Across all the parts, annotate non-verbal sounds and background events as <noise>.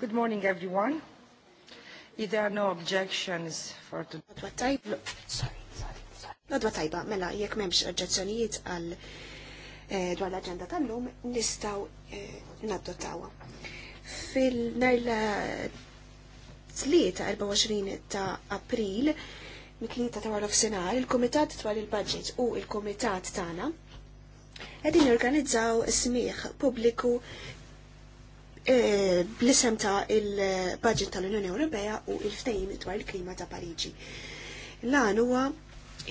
Good morning, everyone. If there are no objections for today. Nodwa tajba, mela, jekk memx oġġezzjonijiet għal eh, dwar l-agenda tal-lum, nistaw eh, naddotawa. Fil-nar l-tlieta 24 ta' april, mit-tlieta ta' warlof senar, il-Komitat dwar il-Budget u il-Komitat tana, għedin jorganizzaw smiħ publiku Eh, bl-isem ta' il-budget tal-Unjoni Ewropea u il-ftejim dwar il-klima ta' Pariġi. Lan huwa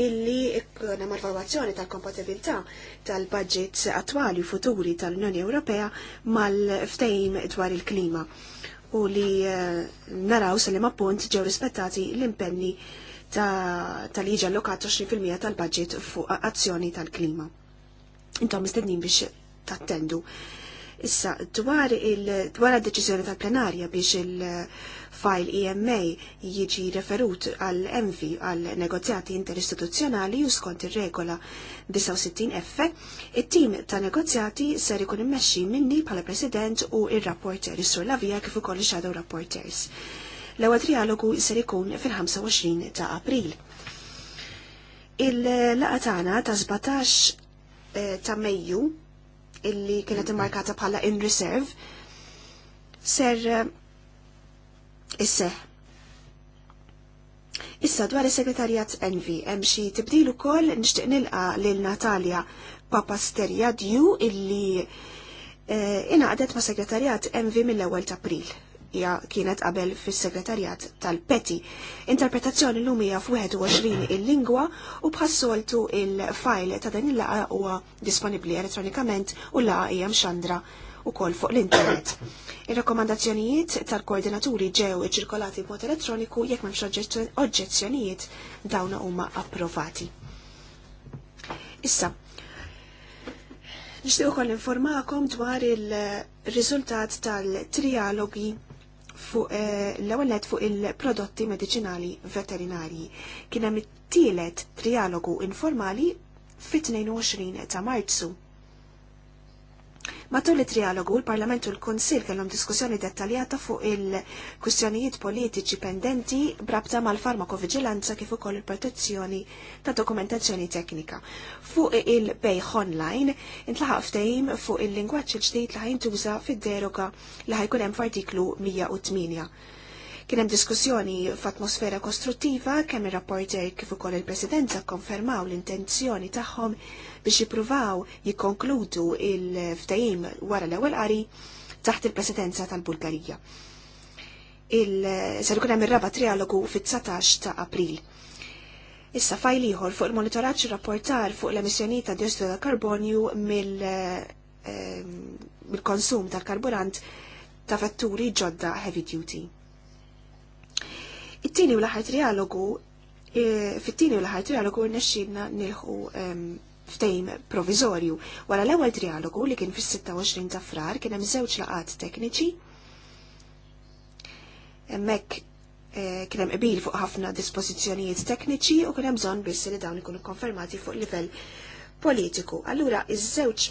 illi ikkuna mal-valwazzjoni tal-kompatibilità tal-budgets attwali u futuri tal-Unjoni Ewropea mal-ftejim dwar il-klima u li eh, naraw se li appunt ġew rispettati l-impenni tal-liġi ta allokat 20% tal-budget fuq azzjoni tal-klima. Intom mistednin biex tattendu. Issa, dwar il-dwar deċiżjoni tal-plenarja biex il-fajl EMA jiġi referut għal envi għal negozjati interistituzzjonali u skont ir-regola 69 F, it-tim ta' negozjati ser ikun immexxi minni bħala President u il rapporter sur lavija kif ukoll shadow rapporters. L-ewwel trialogu ser ikun fil-25 ta' April. il laqatana tagħna ta' 17 eh, ta' Mejju illi kienet immarkata bħala in reserve ser eh, isseħ. Issa dwar is-Segretarjat Envi hemm xi tibdil ukoll nixtieq nilqa' lil Natalja Papasterja Dju illi eh, inaqdet ma' Segretarjat Envi mill-ewwel ta' April hija kienet qabel fis-segretarjat tal-Peti. Interpretazzjoni l-lum hija f-21 il-lingwa u bħassoltu il fajl ta' din il-laqa huwa disponibbli elettronikament u laqa hija mxandra u kol fuq l-internet. Ir-rekomandazzjonijiet tal-koordinaturi ġew iċirkolati b'mod elettroniku jekk m'hemmx oġġezzjonijiet dawn huma approvati. Issa, nixtieq ukoll informakom dwar il-riżultat tal-trialogi fuq eh, l-ewwel fuq il-prodotti mediċinali veterinarji. Kien hemm it-tielet trialogu informali fit-22 ta' Marzu. Matul it-trialogu, l-Parlament u l-Konsil kellhom diskussjoni dettaljata fuq il-kwistjonijiet politiċi pendenti brabta mal-farmakovigilanza kif ukoll il-protezzjoni ta' dokumentazzjoni teknika. Fuq il-bejħ online, intlaħaq ftehim fuq il-lingwaġġ il-ġdid li ħajntuża fid-deroga li ħajkun hemm f'artiklu 108. Kien hemm diskussjoni f'atmosfera kostruttiva kemm ir-rapporter kif ukoll il-Presidenza konfermaw l-intenzjoni tagħhom biex jippruvaw jikkonkludu il-ftajim wara l-ewwel qari taħt il-Presidenza tal-Bulgarija. Il-ser ikun hemm ir-raba trialogu fit-19 ta' April. Issa fajl ieħor fuq il-monitoraġġ rapportar fuq l-emissjonijiet ta' dioxidu ta' karbonju mill eh, mill-konsum tal-karburant ta' vetturi ġodda heavy duty. It-tieni u l-aħħar trialogu e, fit-tieni u l-aħħar n rnexxilna nilħu ftejm provizorju. Wara l-ewwel trialogu li kien fis-26 ta' frar kien hemm żewġ laqat tekniċi. Hemmhekk e, kien hemm qbil fuq ħafna dispożizzjonijiet tekniċi u kien hemm bżonn biss li dawn ikunu konfermati fuq livell politiku. Allura iż-żewġ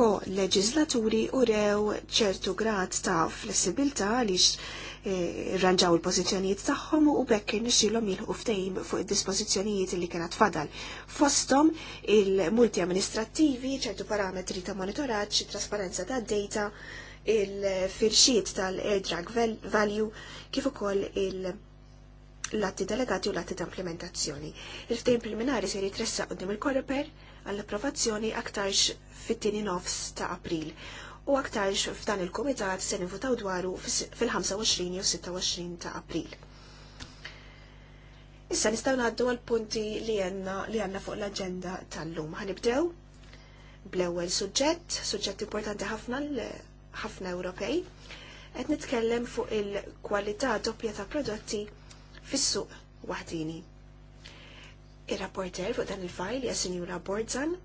ko-leġislaturi u rew ċertu grad ta' flessibilta għaliex rranġaw il-pozizjonijiet tagħhom u bekk nixilhom jilħu ftehim fuq id-dispożizzjonijiet li kienet fadal. Fosthom il-multi amministrattivi, ċertu parametri ta' monitoraġġ, trasparenza ta' data, il-firxiet tal drug value, kif ukoll il- l-atti delegati u l-atti ta' implementazzjoni. Il-ftehim preliminari se jitressa għoddim il korreper għall-approvazzjoni aktarx fit-tieni nofs ta' April u aktarx f'dan il-komitat se nivutaw dwaru fil-25 u 26 ta' april. Issa nistaw naddu għal punti li għanna li għanna fuq l-agenda tal-lum. Ħanibdew bl-ewwel suġġett, suġġett importanti ħafna ħafna Ewropej, qed nitkellem fuq il-kwalità doppja ta' prodotti fis-suq waħdini. Ir-rapporter fuq dan il-fajl hija Sinjura Borzan,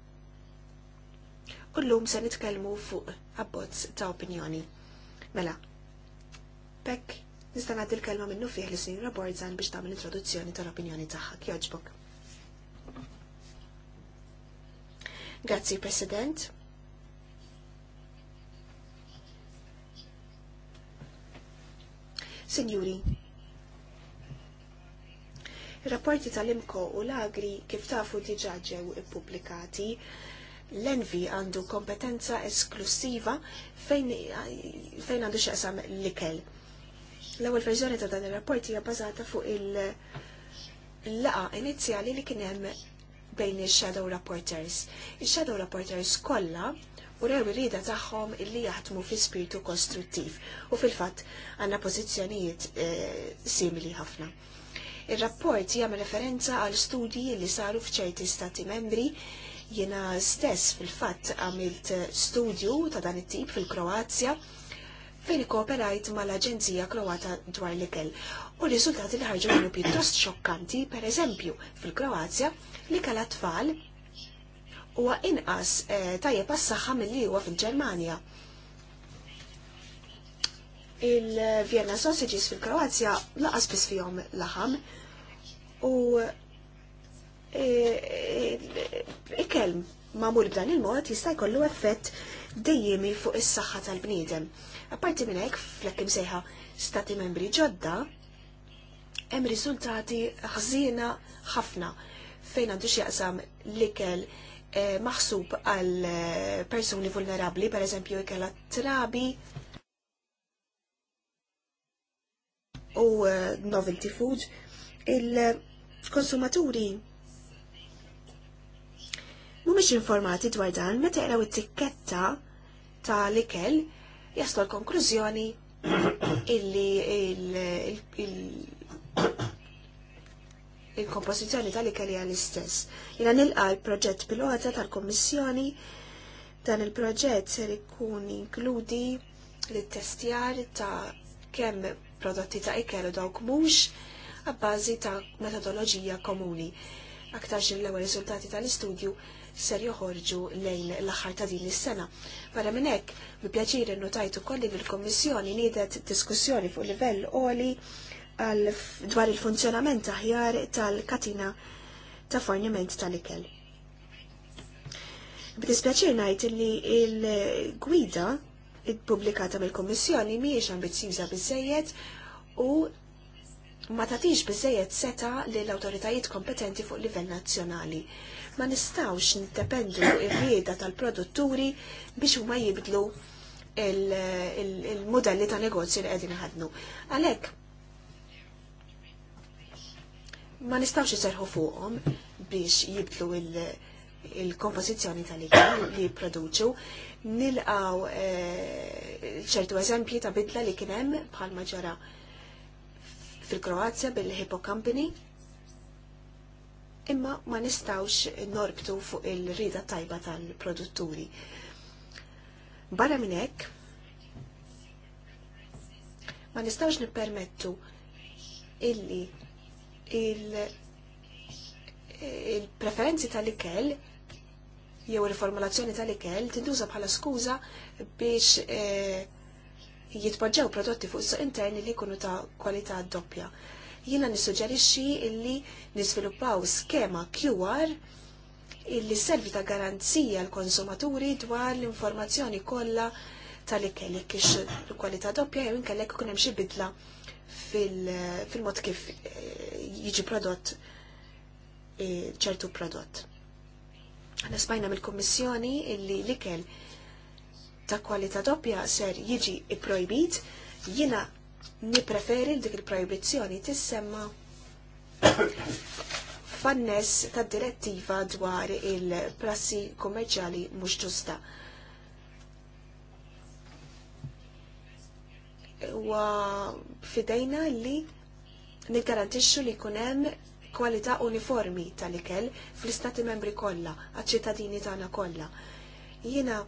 kullum se nitkellmu fuq abbozz ta' opinjoni. Mela, pek, nista' nagħti kelma minnu fih li Sinjura Borzan biex tagħmel introduzzjoni tal-opinjoni tagħha. Jogħġbok. Grazzi, President. Sinjuri, rapporti tal-imko u l-agri kif tafu diġaġew ġew ippubblikati l-envi għandu kompetenza esklusiva fejn, fejn għandu xaqsam l-ikel. L-ewwel verżjoni ta' dan ir-rapport hija bbażata fuq il-laqa inizjali li kien hemm bejn il-Shadow Rapporters. Il-Shadow Rapporters kollha u rew rida tagħhom illi jaħdmu fi spiritu kostruttiv u fil-fatt għandna pożizzjonijiet e, simili ħafna. Ir-rapport jgħam referenza għal studji li saru f'ċerti stati membri Jena stess fil-fatt għamilt studju ta' dan it-tip fil-Kroazja fejn kooperajt mal-Aġenzija Kroata dwar l-ikel. U r-riżultati li ħarġu kienu pjuttost xokkanti, per eżempju, fil-Kroazja li kala tfal huwa inqas eh, tajjeb għas-saħħa milli huwa fil-Ġermanja. Il-Vienna sausages fil-Kroazja laqas biss fihom laħam u E, e, ikelm mamul b'dan il-mod jista' jkollu effett dejjemi fuq is-saħħa tal-bniedem. Apparti minn hekk flekk imsejħa stati membri ġodda, hemm riżultati ħżiena ħafna fejn għandu x'jaqsam l-ikel e, maħsub għal persuni vulnerabli, per eżempju ikel trabi u novelty food, il-konsumaturi mhumiex informati dwar dan meta jaraw it-tikketta ta' l-ikel jaslu l-konklużjoni <coughs> illi il-kompożizzjoni tal-ikel hija l-istess. Jiena nilqa l-proġett pilota tal-Kommissjoni dan il-proġett ser ikun inkludi l-testjar ta' kemm prodotti ta' ikel u dawk mhux għabbażi ta' metodoloġija komuni. Aktarx l-ewwel riżultati tal-istudju ser joħorġu lejn l-aħħar ta' din is-sena. Wara mela minn hekk, bi pjaċir innotajt ukoll li l-Kommissjoni niedet diskussjoni fuq livell qoli dwar il-funzjonament aħjar tal-katina ta' forniment tal-ikel. B'dispjaċir ngħid li l-gwida id-publikata mill-Kommissjoni mhijiex ambizzjuża biżejjed u ma tatix biżejjed seta lill-awtoritajiet kompetenti fuq livell nazzjonali ma nistawx nittependu ir-rieda tal-produtturi biex huma jibdlu il-modelli ta' negozju li qegħdin ħadnu. Għalhekk ma nistawx iserħu fuqhom biex jibdlu il-kompożizzjoni tal-ikel li jipproduċu. Nilqaw eh, ċertu eżempji ta' bidla li kien hemm bħalma ġara fil-Kroazja bil-Hippo Company imma ma nistawx norbtu fuq il-rida tajba tal-produtturi. Barra minn hekk, ma nistawx nippermettu illi il-preferenzi il tal-ikel jew il-formulazzjoni tal-ikel tinduża bħala skuża biex e, jitpoġġew prodotti fuq suq interni li jkunu ta' kwalità doppja jiena nissuġġerixxi illi nisviluppaw skema QR illi servi ta' garanzija l konsumaturi dwar l-informazzjoni kollha tal-ikel jekk il-kwalità doppja jew inkellek ikun hemm xi bidla fil-mod kif eh, jiġi prodott eh, ċertu prodott. Għana smajna mill-Kommissjoni illi l-ikel ta' kwalità doppja ser jiġi i-projbit, jina nipreferi dik il-proibizzjoni tissemma fannes ta' direttiva dwar il-prassi kommerċali mhux ġusta. Wa fidejna li niggarantixxu li jkun hemm kwalità uniformi tal-ikel fl-istati membri kollha, għaċ-ċittadini tagħna kollha. Jiena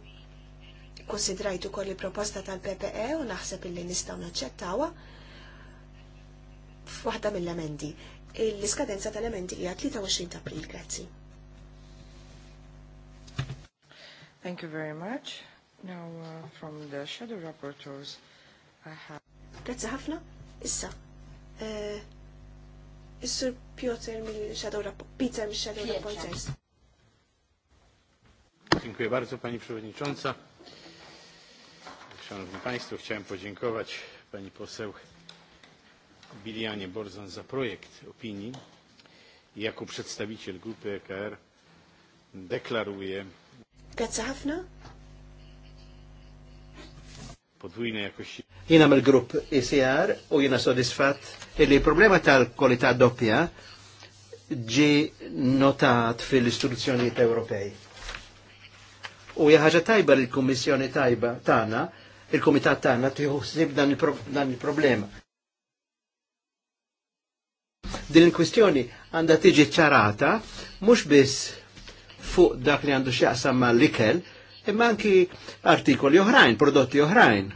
Konsidrajtu kol li proposta tal-PPE u naħseb illi nistaw naċċettawa f'waħda mill-emendi. L-iskadenza tal-emendi hija 23 ta' April, grazzi. Thank you very much. Now uh, from the shadow rapporteurs I have Grazzi ħafna. Issa. Uh, Is-sur Piotr mill-Shadow Rapporteurs. Peter mill-Shadow Rapporteurs. Dziękuję bardzo Pani Przewodnicząca. Szanowni Państwo, chciałem podziękować Pani Poseł Bilianie Borzan za projekt opinii. Jako przedstawiciel grupy EKR deklaruję Grazie ħafna. jakości. Jina mill grup ECR u jina sodisfat li problema tal kolita doppja ġi notat fil-istruzzjonijiet Ewropej. U jaħġa tajba l komissjoni tajba tana il-komitat tagħna tieħu dan il-problema. Din il-kwistjoni għandha tiġi ċarata mhux biss fuq dak li għandu x'jaqsam ma' l-ikel, imma anki artikoli oħrajn, prodotti oħrajn.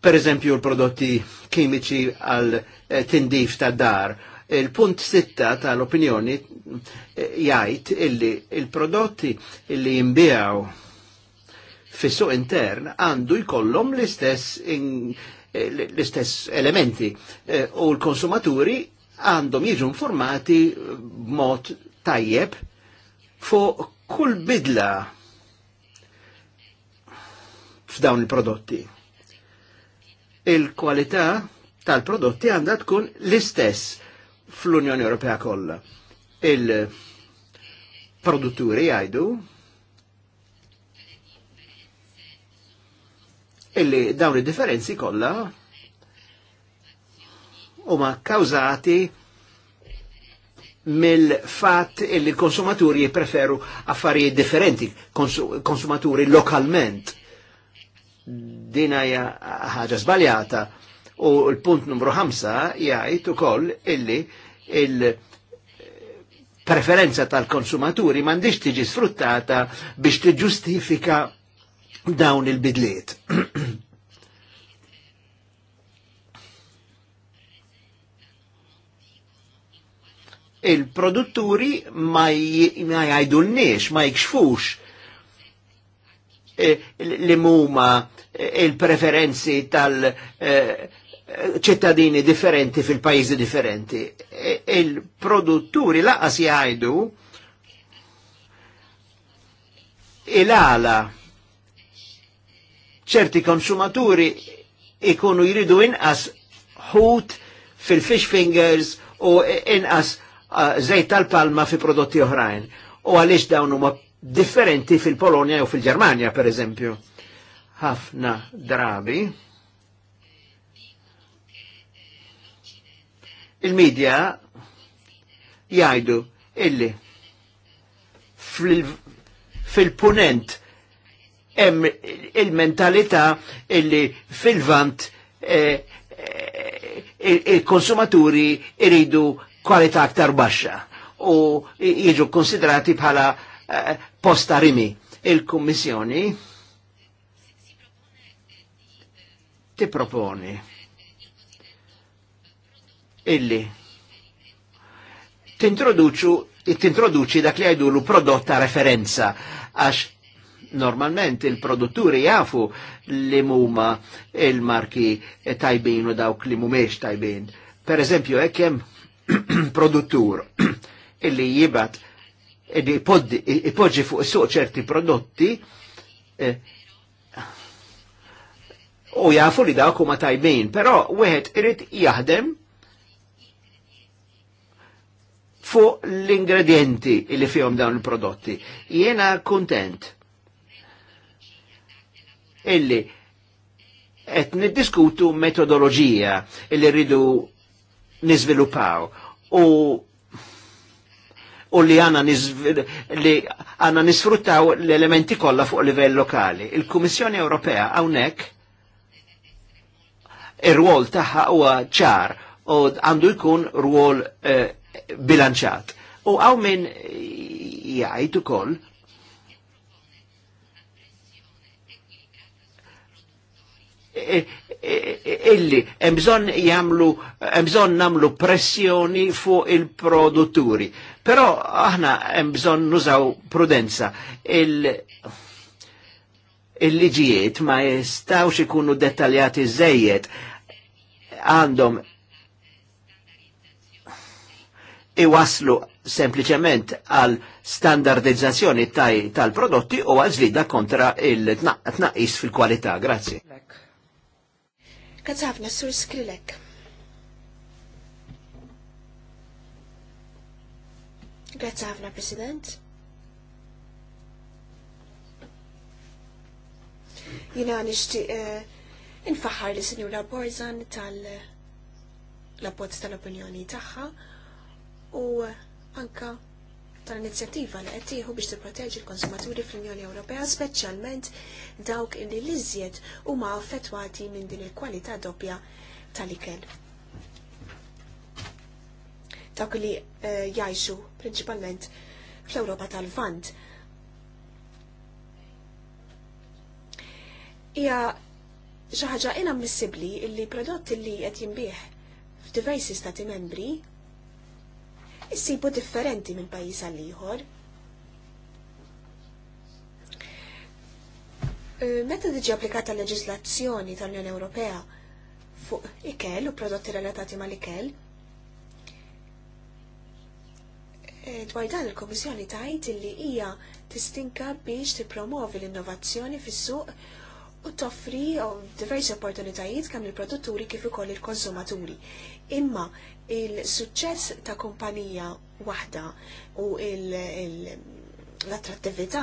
Per eżempju l-prodotti kimiċi għal eh, tindif ta' dar, Il-punt sitta tal-opinjoni eh, jgħid illi il-prodotti illi jimbijaw fissu intern għandu jkollhom l-istess eh, l-istess elementi eh, u l-konsumaturi għandhom jiġu informati b'mod tajjeb fuq kull bidla f'dawn il-prodotti. Il-kwalità tal-prodotti għandha tkun l-istess fl-Unjoni Ewropea kollha. Il-produtturi jgħidu illi dawn il differenzi kolla u ma kawzati mill fat illi konsumaturi preferu affari differenti, konsumaturi lokalment. Dinaja ħaġa żbaljata u l-punt numru 5 jgħid ukoll illi il- preferenza tal-konsumaturi mandiġ tiġi sfruttata biex tiġustifika dawn il-bidliet. <clears throat> il-produtturi ma jgħajdulniex, ma jgħxfux eh, li muma eh, il-preferenzi tal-ċittadini eh, differenti fil-pajzi differenti. E, il-produtturi laqas jgħajdu il-għala ċerti konsumaturi ikunu jridu inqas ħut fil-fish fingers u inqas uh, zejt tal-palma fi prodotti oħrajn. U għaliex dawn huma differenti fil polonia u fil-Germania, per eżempju. Ħafna drabi. Il-medja jgħidu illi fil-punent hemm il-mentalità illi fil-vant eh, eh, il-konsumaturi iridu kwalità aktar baxxa u jiġu konsiderati bħala eh, posta rimi. Il-Kummissjoni ti proponi illi introduci da dak li għajdu l prodotta referenza għax normalment il-produtturi jafu li muma il-marki tajbin u dawk li mumiex tajbin. Per eżempju, ekkem <clears throat> produttur <clears throat> illi jibat ipoġġi fuq suq ċerti prodotti eh, u jafu li dawk huma tajbin, però wieħed irid jaħdem fuq l-ingredienti li fihom dawn il-prodotti. Jiena kontent illi et niddiskutu metodologija illi rridu niżviluppaw u u li għana li għana nisfruttaw l-elementi kolla fuq livell lokali. Il-Kummissjoni Ewropea għawnek il rwol taħħa huwa ċar u għandu jkun rwol eh, bilanċat. U għaw minn jgħajtu koll illi bżonn jagħmlu bżonn nagħmlu pressjoni fuq il-produtturi. Però aħna hemm bżonn nużaw prudenza. Il il-liġijiet ma jistawx ikunu dettaljati żejjed għandhom iwaslu sempliciment għal standardizzazzjoni tal-prodotti u għal zlida kontra il-tnaqqis fil-kwalità. Grazie. Kazzafna, sur Skrilek. Grazzi President. Jina nishti eh, infaħar li Sinjura Borzan tal l-abbozz tal-opinjoni taħħa u eh, anka tal-inizjattiva li qed tieħu biex tipproteġi l-konsumaturi fl-Unjoni Ewropea speċjalment dawk illi l-iżjed huma affettwati minn din il-kwalità doppja tal-ikel. Dawk li eh, jgħixu prinċipalment fl-Ewropa tal-Vant. Hija xi ħaġa inammissibbli li prodotti li qed jinbih f'diversi stati membri issibu differenti minn pajjiż għal liħor Meta diġi applikata leġislazzjoni tal-Unjoni Ewropea fuq ikel u prodotti relatati mal-ikel, e, dwar dan il-Komissjoni tajt li hija tistinka biex tippromovi l-innovazzjoni fis-suq u toffri diversi opportunitajiet kam il-produtturi kif ukoll il-konsumaturi. Imma il-suċċess ta' kumpanija waħda u l-attrattività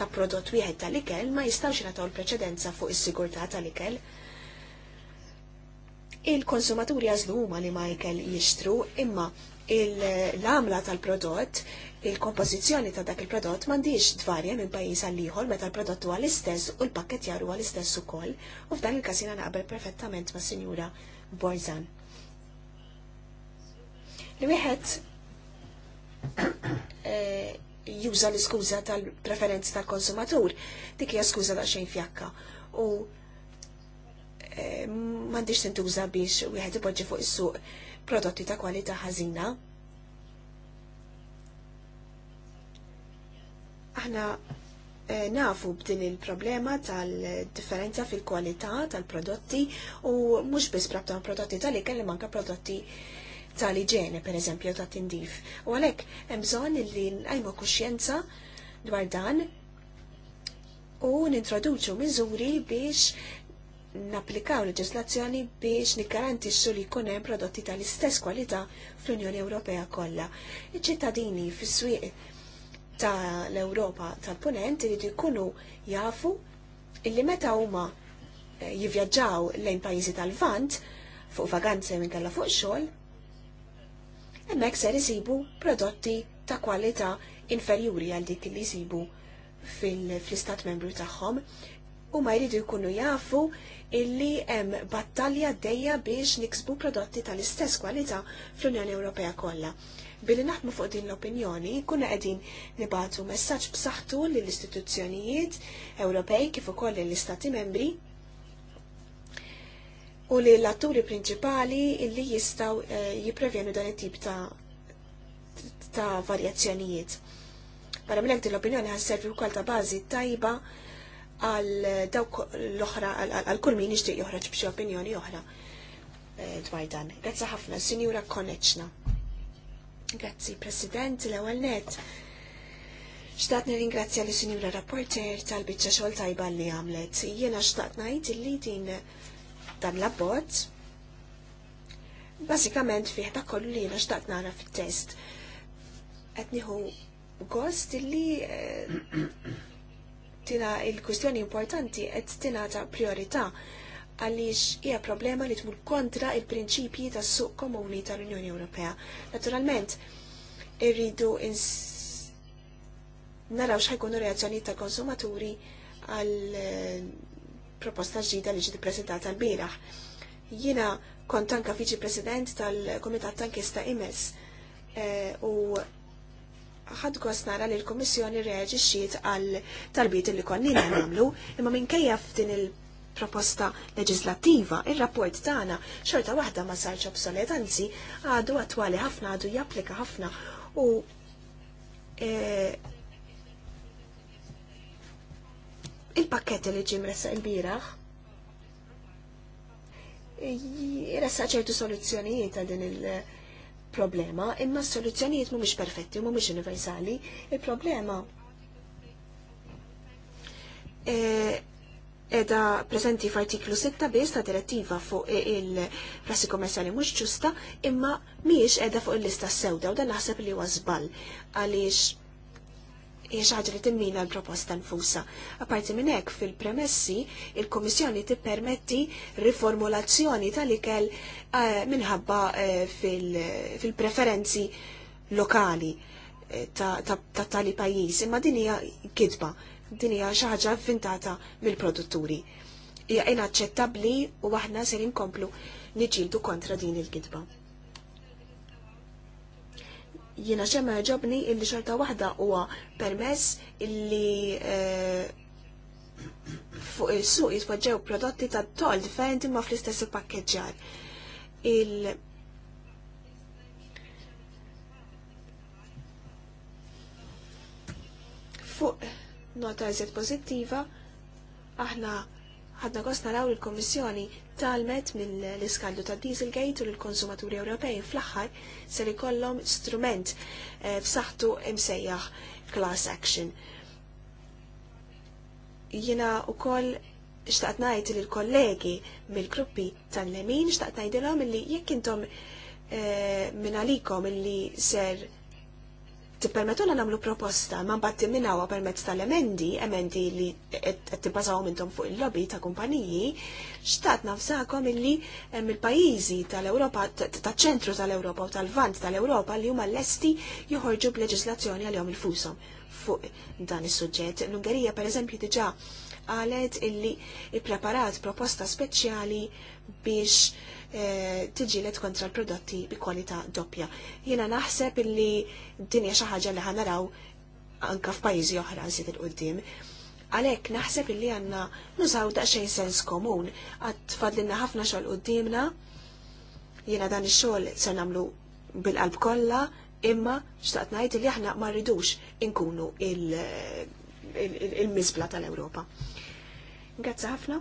ta' prodott wieħed tal-ikel ma jistawx nataw l-preċedenza fuq is-sigurtà tal-ikel. Il-konsumaturi jażlu huma li ma ikel jixtru imma l-għamla tal-prodott il-kompożizzjoni ta' dak il-prodott m'għandix dvarja minn pajjiż għal ieħor meta l-prodott huwa l-istess u l-pakket jaru huwa l-istess ukoll u f'dan il-każ jiena naqbel perfettament ma' Sinjura Borzan li wieħed <coughs> eh, juża l-iskuża tal-preferenzi tal-konsumatur, dik hija skuża ta' xejn fjakka. U eh, m'għandix tintuża biex wieħed ipoġġi fuq is-suq prodotti ta' kwalità ħażina. Aħna eh, nafu b'din il-problema tal-differenza fil-kwalità tal-prodotti u mhux biss prabta prodotti tal-ikel li manka prodotti li Ġene per eżempju, ta' tindif. U għalek, bżonn li għajmu kuxjenza dwar dan u nintroduċu miżuri biex napplikaw leġislazzjoni biex nikgarantixxu li jkun hemm prodotti tal-istess kwalità fl-Unjoni Ewropea kollha. Iċ-ċittadini fis-swieq tal-Ewropa tal-Punent irid jkunu jafu illi meta huma eh, jivvjaġġaw lejn pajjiżi tal-Vant fuq vaganze minn kalla fuq xogħol, hemmhekk ser jisibu prodotti ta' kwalità inferjuri għal dik li jsibu fil-istat membru tagħhom u ma jridu jkunu jafu illi hemm battalja dejja biex niksbu prodotti tal-istess kwalità fl-Unjoni Ewropea kollha. Billi naħdmu fuq din l-opinjoni, kuna qegħdin nibatu messaġġ b'saħħtu lill-istituzzjonijiet Ewropej kif ukoll lill-Istati membri u li l-atturi prinċipali illi jistaw eh, jiprevjenu dan it-tip ta' varjazzjonijiet. Barra minn għedin l-opinjoni ħasservi wkoll ta' bażi tajba għal dawk l-oħra għal kull min jixtieq joħroġ b'xi opinjoni oħra eh, dwar dan. Grazzi ħafna, Sinjura Konneċna. Grazzi President l-ewwel net. Xtaqt nirringrazzja li Sinjura Rapporter tal-biċċa xogħol tajba li għamlet. Jiena xtaqt ngħid illi din Dan l abbot basikament fih ta' kollu li jena xtaqt nara fit-test. Etniħu gost li eh, tina il-kustjoni importanti qed tingħata priorità għaliex hija problema li tmur kontra il-prinċipji tas-suq komuni tal-Unjoni Ewropea. Naturalment, irridu naraw x'ħajkunu reazzjoni ta' konsumaturi għal eh, proposta ġdida li ġiet ippreżentata l-bieraħ. Jiena kont anka president tal-Komitat tankista IMES eh, u ħad gost nara li l-Komissjoni reaġixxiet għal talbiet li konnina nagħmlu, imma minkejja f'din il-proposta leġislattiva, ir-rapport tagħna xorta waħda ma sarx obsolet, anzi għadu attwali ħafna għadu japplika ħafna u eh, il-pakket li ġim ressa il-biraħ ressa ċertu soluzzjonijiet għal din il-problema, imma s-soluzzjonijiet mhumiex perfetti, mhumiex universali. Il-problema e, edha prezenti f'artiklu 6 bis ta' direttiva fuq e, il-prassi kommerċjali mhux ġusta, imma mhijiex edha fuq il-lista sewda u dan naħseb li huwa żball għaliex hija ħaġa timmina l-proposta nfusa. Apparti minn hekk fil-premessi, il-Kummissjoni tippermetti riformulazzjoni tal-ikel eh, minħabba eh, fil-preferenzi lokali eh, ta' tali pajjiż, imma din hija kidba, din hija xi ħaġa vvintata mill-produtturi. Hija inaċċettabbli u aħna se inkomplu niġġieldu kontra din il-kidba jiena xemma ġobni illi xorta waħda huwa permess illi eh, fuq il suq jitpoġġew prodotti ta' tol differenti ma fl-istess il-pakkeġġar. Il fuq nota eżiet pozittiva aħna ħadna kost naraw il komissjoni talmet mill l-iskandu ta' Dieselgate u l-konsumaturi Ewropej fl-aħħar ser ikollhom strument eh, f'saħħtu imsejjaħ class action. Jiena koll xtaqt ngħid l kollegi mill-gruppi tal-lemin xtaqt ngħidilhom illi jekk intom eh, minn għalikom li ser tippermetuna nagħmlu proposta ma mbagħad timminawa permezz tal-emendi, emendi li qed tibbażawhom intom fuq il-lobby ta' kumpaniji, xtat nafsakom illi hemm il-pajjiżi tal-Ewropa taċ-ċentru tal europa u tal-Vant tal-Ewropa li huma lesti joħorġu b'leġislazzjoni għalihom fusom fuq dan is-suġġett. L-Ungerija eżempju, diġa' qalet illi i-preparat proposta speċjali biex Eh, tiġilet kontra l-prodotti bi kwalità doppja. Jiena naħseb illi dinja xi ħaġa li ħanaraw anka f'pajjiżi oħra żied il-qudiem. Għalhekk naħseb illi għandna nużaw daqsxejn sens komun għad fadlinna ħafna xogħol qoddimna Jiena dan ix-xogħol se nagħmlu bil-qalb kollha, imma xtaqt ngħid li aħna ma rridux inkunu il-miżbla tal-Ewropa. Grazzi ħafna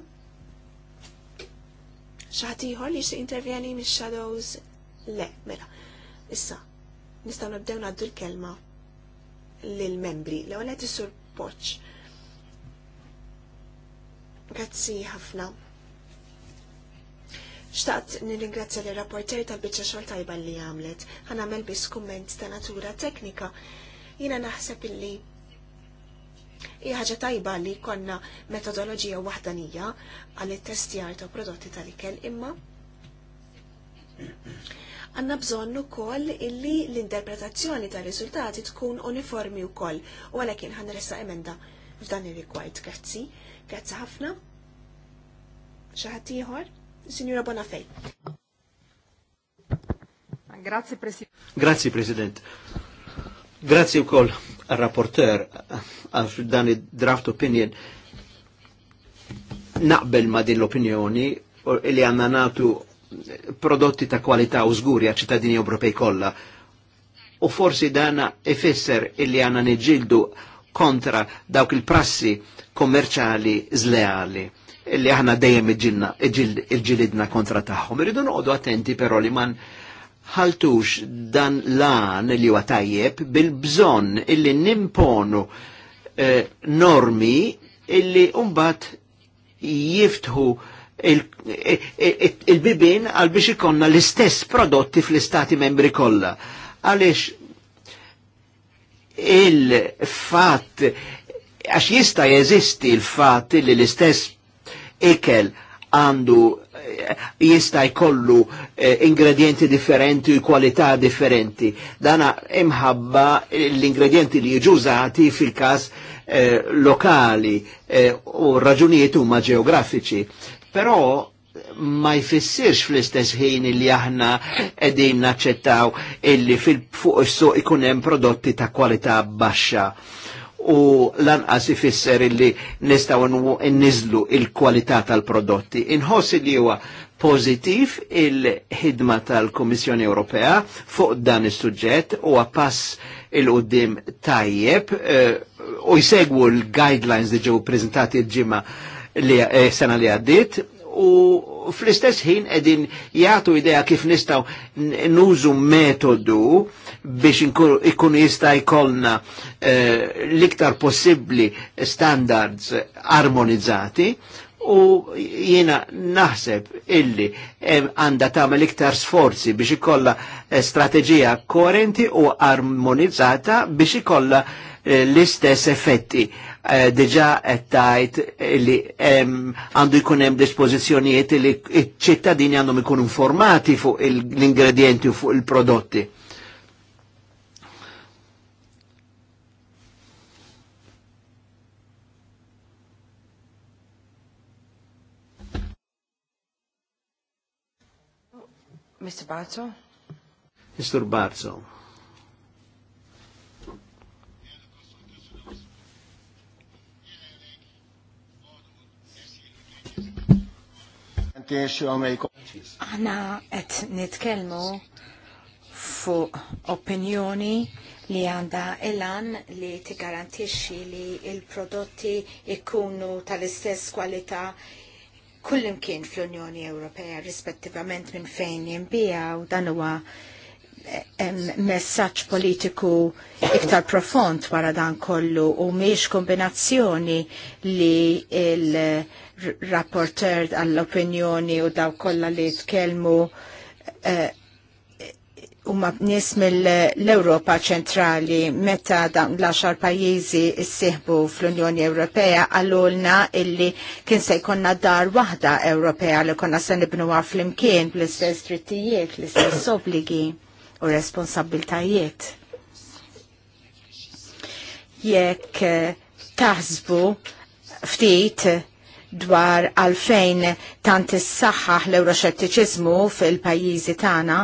xaħtiħor li xie intervjeni mis shadows Le, mela. Issa, nistaw nabdew naddu l-kelma l membri L-għonet sur poċ. Grazzi ħafna. Xtaqt nir-ingrazzja li rapporter tal-bicċa xol tajba li għamlet. għamel bis kumment ta' natura teknika. Jina naħseb illi Hija ħaġa tajba li konna metodoloġija waħdanija għal testjar ta' prodotti tal-ikel imma għanna bżonn ukoll illi l-interpretazzjoni ta' riżultati tkun uniformi wkoll u għalhekk kien resa emenda f'dan ir rikwajt Grazzi, grazzi ħafna. Xi ħadd ieħor? Sinjura Bonafej. Grazzi President. Grazzi President. Grazzi wkoll għal-rapporter għaf dan id-draft opinion naqbel ma din l-opinjoni li għanna natu prodotti ta' kwalità u zguri għal ċittadini Ewropej kollha. U forsi dana ifisser illi għanna niġildu kontra dawk il-prassi kommerċali zleali illi għanna dejjem iġilidna kontra tagħhom. Irridu noqdu attenti però li man ħaltux dan lan li huwa tajjeb bil-bżonn illi nimponu eh, normi illi umbat jiftħu eh, eh, il-bibin il, il, il għal biex ikonna l-istess prodotti fl-istati membri kollha. Għaliex il-fat, għax jista jeżisti il-fat li l-istess ikel għandu jista jkollu eh, ingredienti differenti u kwalità differenti. Dana imħabba l-ingredienti li jġużati fil-kas eh, lokali eh, u raġunijiet huma ġeografiċi. Però ma jfissirx fl-istess ħin li aħna edin naċċettaw illi fuq is-suq ikun hemm prodotti ta' kwalità baxxa u lanqas ifisser illi nistaw nizlu il-kwalità tal-prodotti. Inħoss li huwa pozitiv il-ħidma tal-Komissjoni Ewropea fuq dan is-suġġett u pass il-qudiem tajjeb eh, u jsegwu l-guidelines li ġew preżentati l-ġimgħa li eh, sena li għaddiet u fl-istess ħin edin jgħatu idea kif nistaw nużu metodu biex ikun jista jkollna eh, l-iktar possibli standards armonizzati u jiena naħseb illi eh, għanda ta' l iktar sforzi biex ikolla eh, strategija koerenti u armonizzata biex ikolla l-istess effetti Eh, diġa għettajt li għandu jkun hemm dispożizzjonijiet li ċittadini għandhom ikun informati fuq l-ingredienti u fuq il-prodotti. Mr. Barzo? Mr. Barzo. issue amelyik... Aħna qed nitkellmu fuq opinjoni li għanda elan li tigarantixxi li il-prodotti ikunu tal-istess kwalità kullimkien fl-Unjoni Ewropea rispettivament minn fejn u dan huwa messaċ politiku iktar profond wara dan kollu u miex kombinazzjoni li il-rapporter għall-opinjoni u daw kolla li tkelmu eh, u ma nies mill-Europa ċentrali meta dawn l-10 pajjiżi issieħbu fl-Unjoni Ewropea għallulna illi kien se jkollna dar waħda Ewropea li konna se nibnuha flimkien bl-istess drittijiet, l-istess obbligi u responsabiltajiet. Jekk eh, taħsbu ftit dwar għalfejn tant issaħħaħ l-euroxettiċizmu fil-pajjiżi tagħna.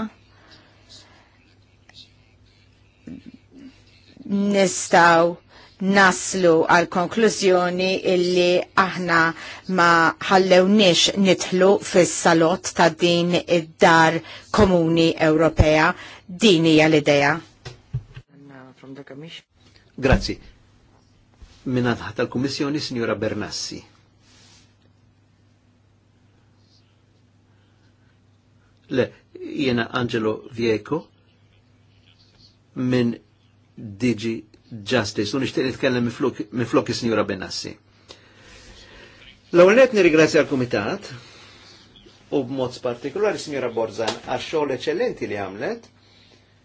Nistaw naslu għal konklużjoni illi aħna ma ħallewniex nitħlu fis salott ta' din id-dar komuni Ewropea Din hija l-idea. Grazzi. Minna taħt tal-Kummissjoni, Signora Bernassi. Le, jena Angelo Vieco minn Digi Justice, u nishtiq nitkellem minn flokki signora Bernassi. L-ewwel qed nirringrazzja l-Kumitat u b'mod partikolari Signora Borzan għax xogħol eccellenti li għamlet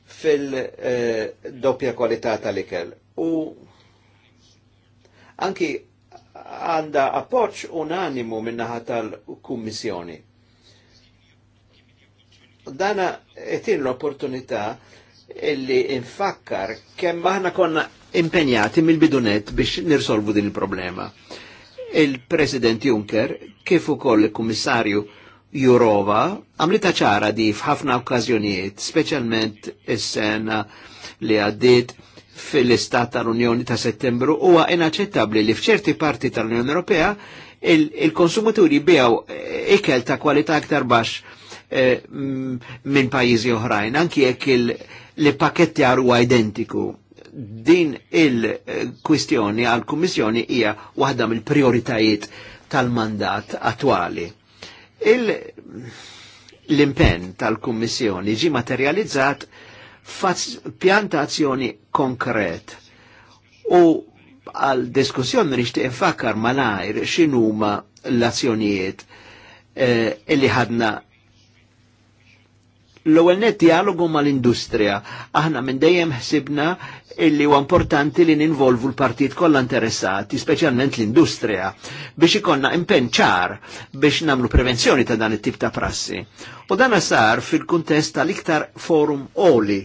fil-doppja kwalità tal-ikel. U anki għanda appoċ unanimu minnaħa tal-Kummissjoni. Dana etin l-opportunità illi infakkar kemm aħna konna impenjati mill-bidunet biex nirsolvu din il-problema. Il-President Juncker, kif ukoll il-Kummissarju il problema il president juncker kif ukoll il problema il president juncker kif ukoll il kummissarju Jurova għamlita ċara di f'ħafna okkażjonijiet, speċjalment is-sena li għaddiet fil-istat tal-Unjoni ta' settembru huwa inaċċettabbli li f'ċerti parti tal-Unjoni Ewropea il-konsumaturi il bijaw ikel ta' kwalità aktar baxx e, minn pajjiżi oħrajn, anki jekk il-pakketti huwa identiku din il-kwistjoni għal-Kummissjoni hija waħda mill-prioritajiet tal-mandat attwali. L-impenn tal-Kummissjoni ġi materializzat pjantazzjoni konkret u għal diskussjoni nixtieq infakkar malajr x'inhuma l-azzjonijiet eh, illi ħadna l-ewwel net dialogu mal-industrija. Aħna minn dejjem ħsibna illi huwa importanti li ninvolvu l-partit kollha interessati, speċjalment l-industrija, biex ikonna impenn ċar biex namlu prevenzjoni ta' dan it-tip ta' prassi. U dan sar fil-kuntest tal-iktar forum oli,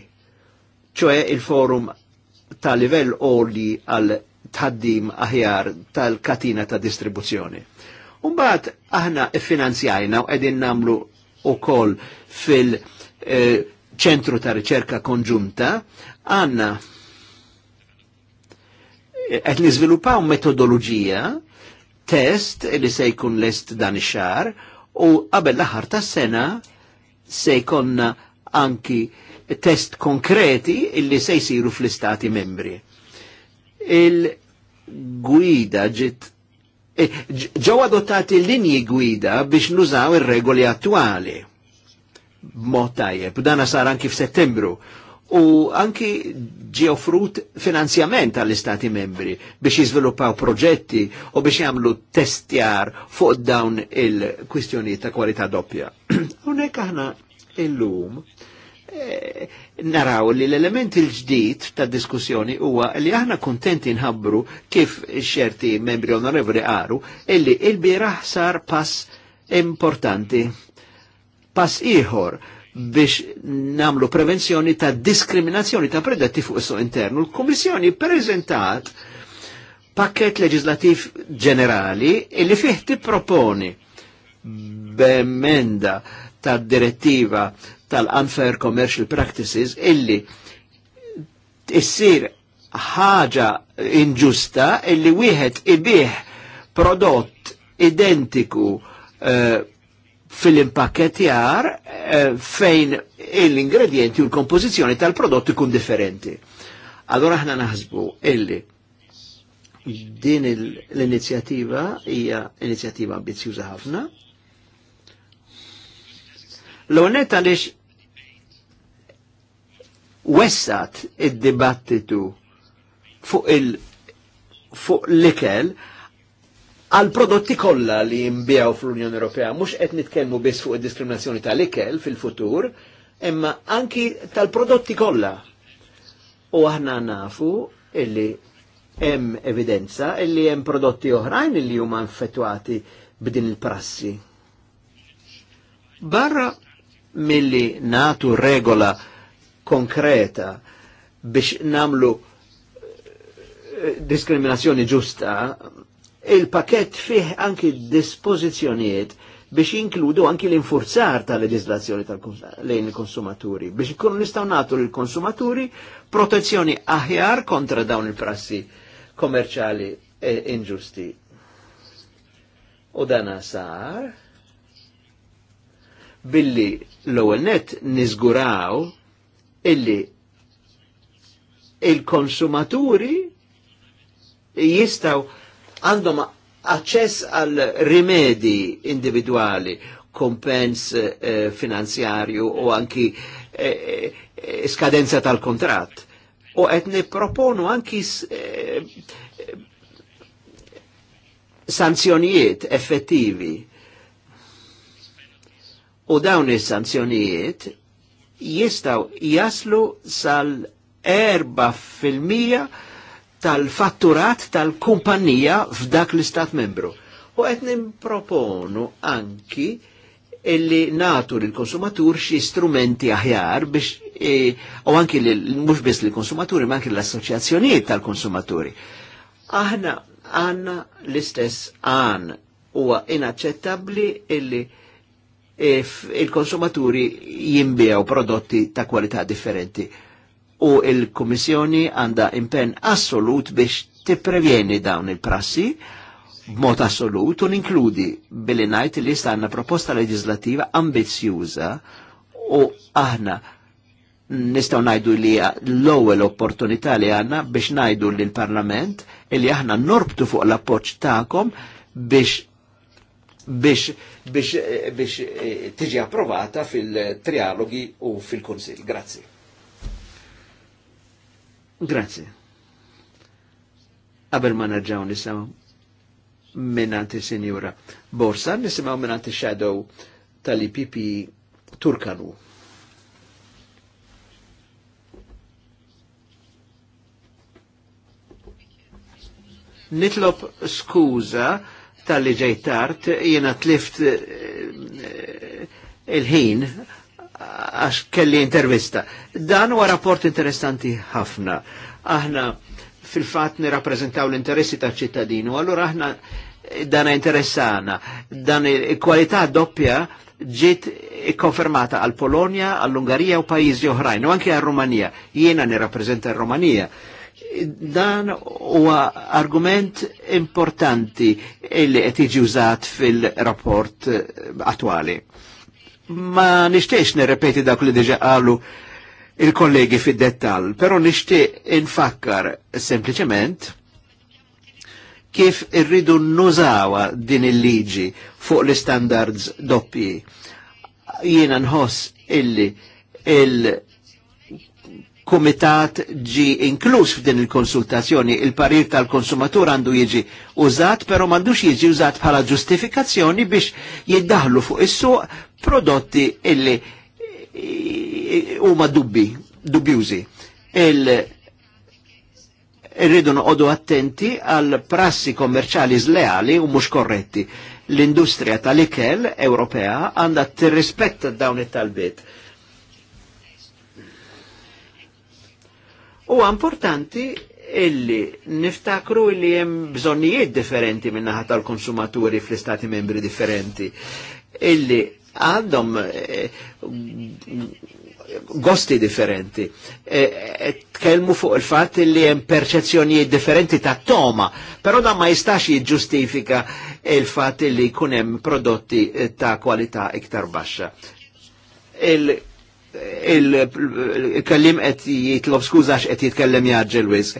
ċoe il-forum ta' livell oli għal tħaddim aħjar tal-katina ta' distribuzzjoni. Umbat aħna finanzjajna u għedin namlu u koll fil- eh, ċentru ta' riċerka konġunta, għanna qed niżviluppaw metodologija test li se jkun lest dan ix-xar u qabel l-aħħar sena se jkun anki test konkreti illi se jsiru fl-istati membri. Il-gwida ġit eh, ġew adottati linji gwida biex nużaw ir-regoli attwali. Mod tajjeb, dana sar anki f'Settembru u anki ġew frut finanzjament għall-istati membri biex jiżviluppaw proġetti u biex jagħmlu testjar fuq dawn il-kwistjoni ta' kwalità doppja. Unek <clears throat> aħna illum eh, naraw li l-element il-ġdid ta' diskussjoni huwa li aħna kontenti nħabbru kif xerti membri onorevoli għaru illi il-biraħ sar pass importanti. Pass ieħor biex namlu prevenzjoni ta' diskriminazzjoni ta' predetti fuq is internu. L-Kommissjoni prezentat pakket leġislativ ġenerali li fih tipproponi b'emenda ta' direttiva tal-Unfair Commercial Practices illi issir ħaġa inġusta illi wieħed ibih prodott identiku uh, fil għar eh, fejn l-ingredienti u l-kompożizzjoni tal-prodott ikun differenti. Allora aħna naħsbu illi din l-inizjattiva hija inizjativa ambizjuża ħafna. L-onet għaliex wessat id-dibattitu fuq il fuq l-ikel għal prodotti kollha li jinbijaw fl-Unjoni Ewropea, mhux qed nitkellmu biss fuq id-diskriminazzjoni tal-ikel fil-futur, imma anki tal-prodotti kollha. U aħna nafu illi hemm evidenza illi hemm prodotti oħrajn illi huma infettwati b'din il-prassi. Barra milli natu regola konkreta biex namlu eh, diskriminazzjoni ġusta il-pakett fih anki dispozizjoniet biex jinkludu anki l-infurzar tal-leġislazzjoni lejn il-konsumaturi, biex ikunu nistaw natu l-konsumaturi protezzjoni aħjar kontra dawn il-prassi kommerċali e inġusti. U dana sar billi l-ewwel net niżguraw illi il-konsumaturi jistaw għandhom aċċess għal rimedi individuali, kompens eh, finanzjarju u anki eh, eh, skadenza tal-kontrat. U qed proponu anki eh, sanzjonijiet effettivi. U dawn is-sanzjonijiet jistaw jaslu sal-4 fil-mija tal-fatturat tal-kumpanija f'dak l-istat membru. U qed nimproponu anki illi natu l-konsumatur xi strumenti aħjar biex e, u anki mhux biss l-konsumaturi ma anki l-assoċjazzjonijiet tal-konsumaturi. Aħna għanna l-istess għan huwa inaċċettabbli illi e, il-konsumaturi jimbijaw prodotti ta' kwalità differenti u il-Kummissjoni għandha impenn assolut biex tipprevjeni dawn il-prassi b'mod assolut u ninkludi billi ngħid li stanna proposta leġislattiva ambizjuża. u aħna nistgħu ngħidu li l-ewwel opportunità li għandna biex ngħidu lill parlament li aħna norbtu fuq l-appoġġ tagħkom biex biex, biex, biex eh, tiġi approvata fil-trialogi u fil-Konsil. Grazie. Grazie. Abel ma nerġaw nisimaw minnanti senjura. Borsa, nisimaw minnanti Shadow tal-IPP Turkanu. Nitlob skuża tal-li ġejtart, jiena tlift eh, eh, il-ħin għax kelli intervista. Dan huwa rapport interessanti ħafna. Aħna fil-fat nirrappreżentaw l-interessi ta' ċittadinu, allura aħna dan interessana. Dan il-kwalità doppja ġiet ikkonfermata għal Polonja, għall-Ungarija u pajjiżi oħrajn, u anke għal Rumanija. Jiena nirrappreżenta r-Rumanija. Dan huwa argument importanti illi qed jiġi użat fil-rapport eh, attwali ma nixtiex nirrepeti dak li diġa qalu il-kollegi fid dettal però nixtieq infakkar sempliċement kif irridu nużawa din il-liġi fuq l-standards doppji. Jiena nħoss illi il-komitat ġi inkluż f'din il-konsultazzjoni, il-parir tal-konsumatur għandu jiġi użat, pero mandux jiġi użat bħala ġustifikazzjoni biex jiddaħlu fuq is-suq prodotti illi huma dubbi, dubjużi. irridun odu attenti għal prassi kommerċali sleali u mhux korretti. L-industrija tal-ikel Ewropea għandha tirrispetta dawn it-talbiet. U importanti illi niftakru illi jem bżonnijiet differenti minnaħat tal-konsumaturi fl-istati membri differenti. Illi għandhom eh, gosti differenti. Eh, eh, tkellmu fuq il fat li hemm perċezzjonijiet differenti ta' toma, però da ma jistax jiġġustifika il fat li jkun hemm prodotti ta' kwalità iktar baxxa. Il-kellim qed jitlob skuża qed jitkellem jaġġel wis.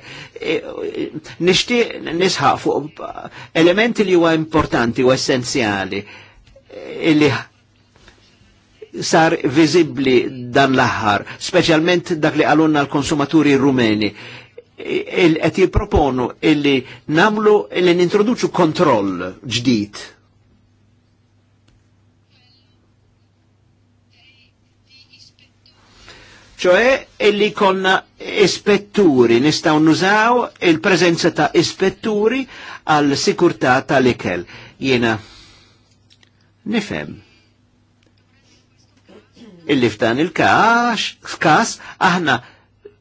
Nixtieq nisħaq fuq elementi li huwa importanti u essenzjali illi sar viżibbli dan l-aħħar, speċjalment dak li għalunna l-konsumaturi rumeni qed jipproponu illi namlu illi nintroduċu kontroll ġdijt. ċoħe illi konna ispetturi, nistaw nużaw il-prezenza ta' ispetturi għal sikurtà tal-ikel. Jena, nifem illi f'dan il-kax, kas, aħna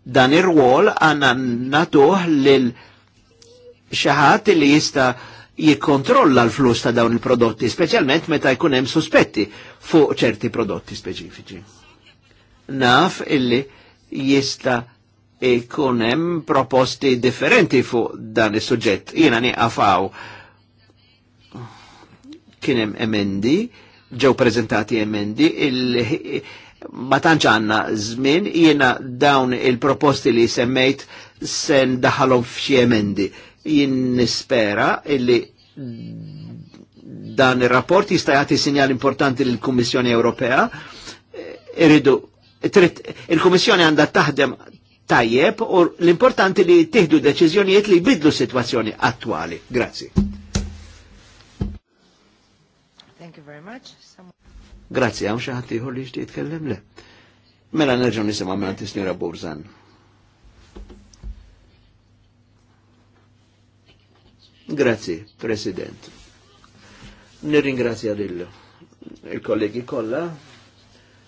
dan ir-rwol għanna natuħ lil xaħat li jista jikontrolla l-flus ta' dawn il-prodotti, specialment meta jkun hemm suspetti fuq ċerti prodotti speċifiċi. Naf illi jista jkun hemm proposti differenti fuq dan is-suġġett. Jiena nieqafaw kien hemm emendi ġew prezentati emendi, il ma tantx għandna żmien jiena dawn il-proposti li semmejt sen daħalhom f'xi emendi. Jien nispera illi dan ir-rapport jista' jagħti sinjal importanti lill kummissjoni Ewropea. Iridu, il-Kummissjoni għandha taħdem tajjeb u l-importanti li tieħdu deċiżjonijiet li jbidlu s-sitwazzjoni attwali. Grazzi. Thank you very much. Grazie, għam xaħat liħor li xtiet kellem le. Mela nerġu nisema mela tisnira snira Grazie, President. Nirringrazzja lill il-kollegi kolla,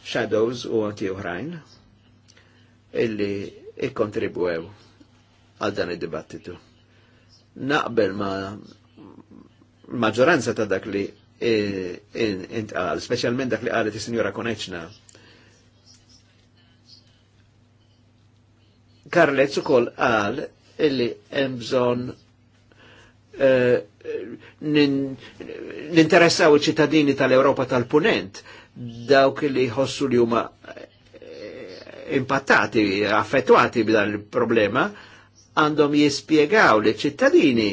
Shadows u għati uħrajn, illi ikkontribuew għal dan id-dibattitu. Naqbel ma maġoranza ta' dak li intqal, specialment dak li qalet is-Sinjora Koneċna. Karlez ukoll qal illi hemm bżonn eh, ninteressaw iċ-ċittadini tal-Ewropa tal-Punent dawk li jħossu li huma eh, impattati, affettwati b'dan il-problema, għandhom jispiegaw li ċittadini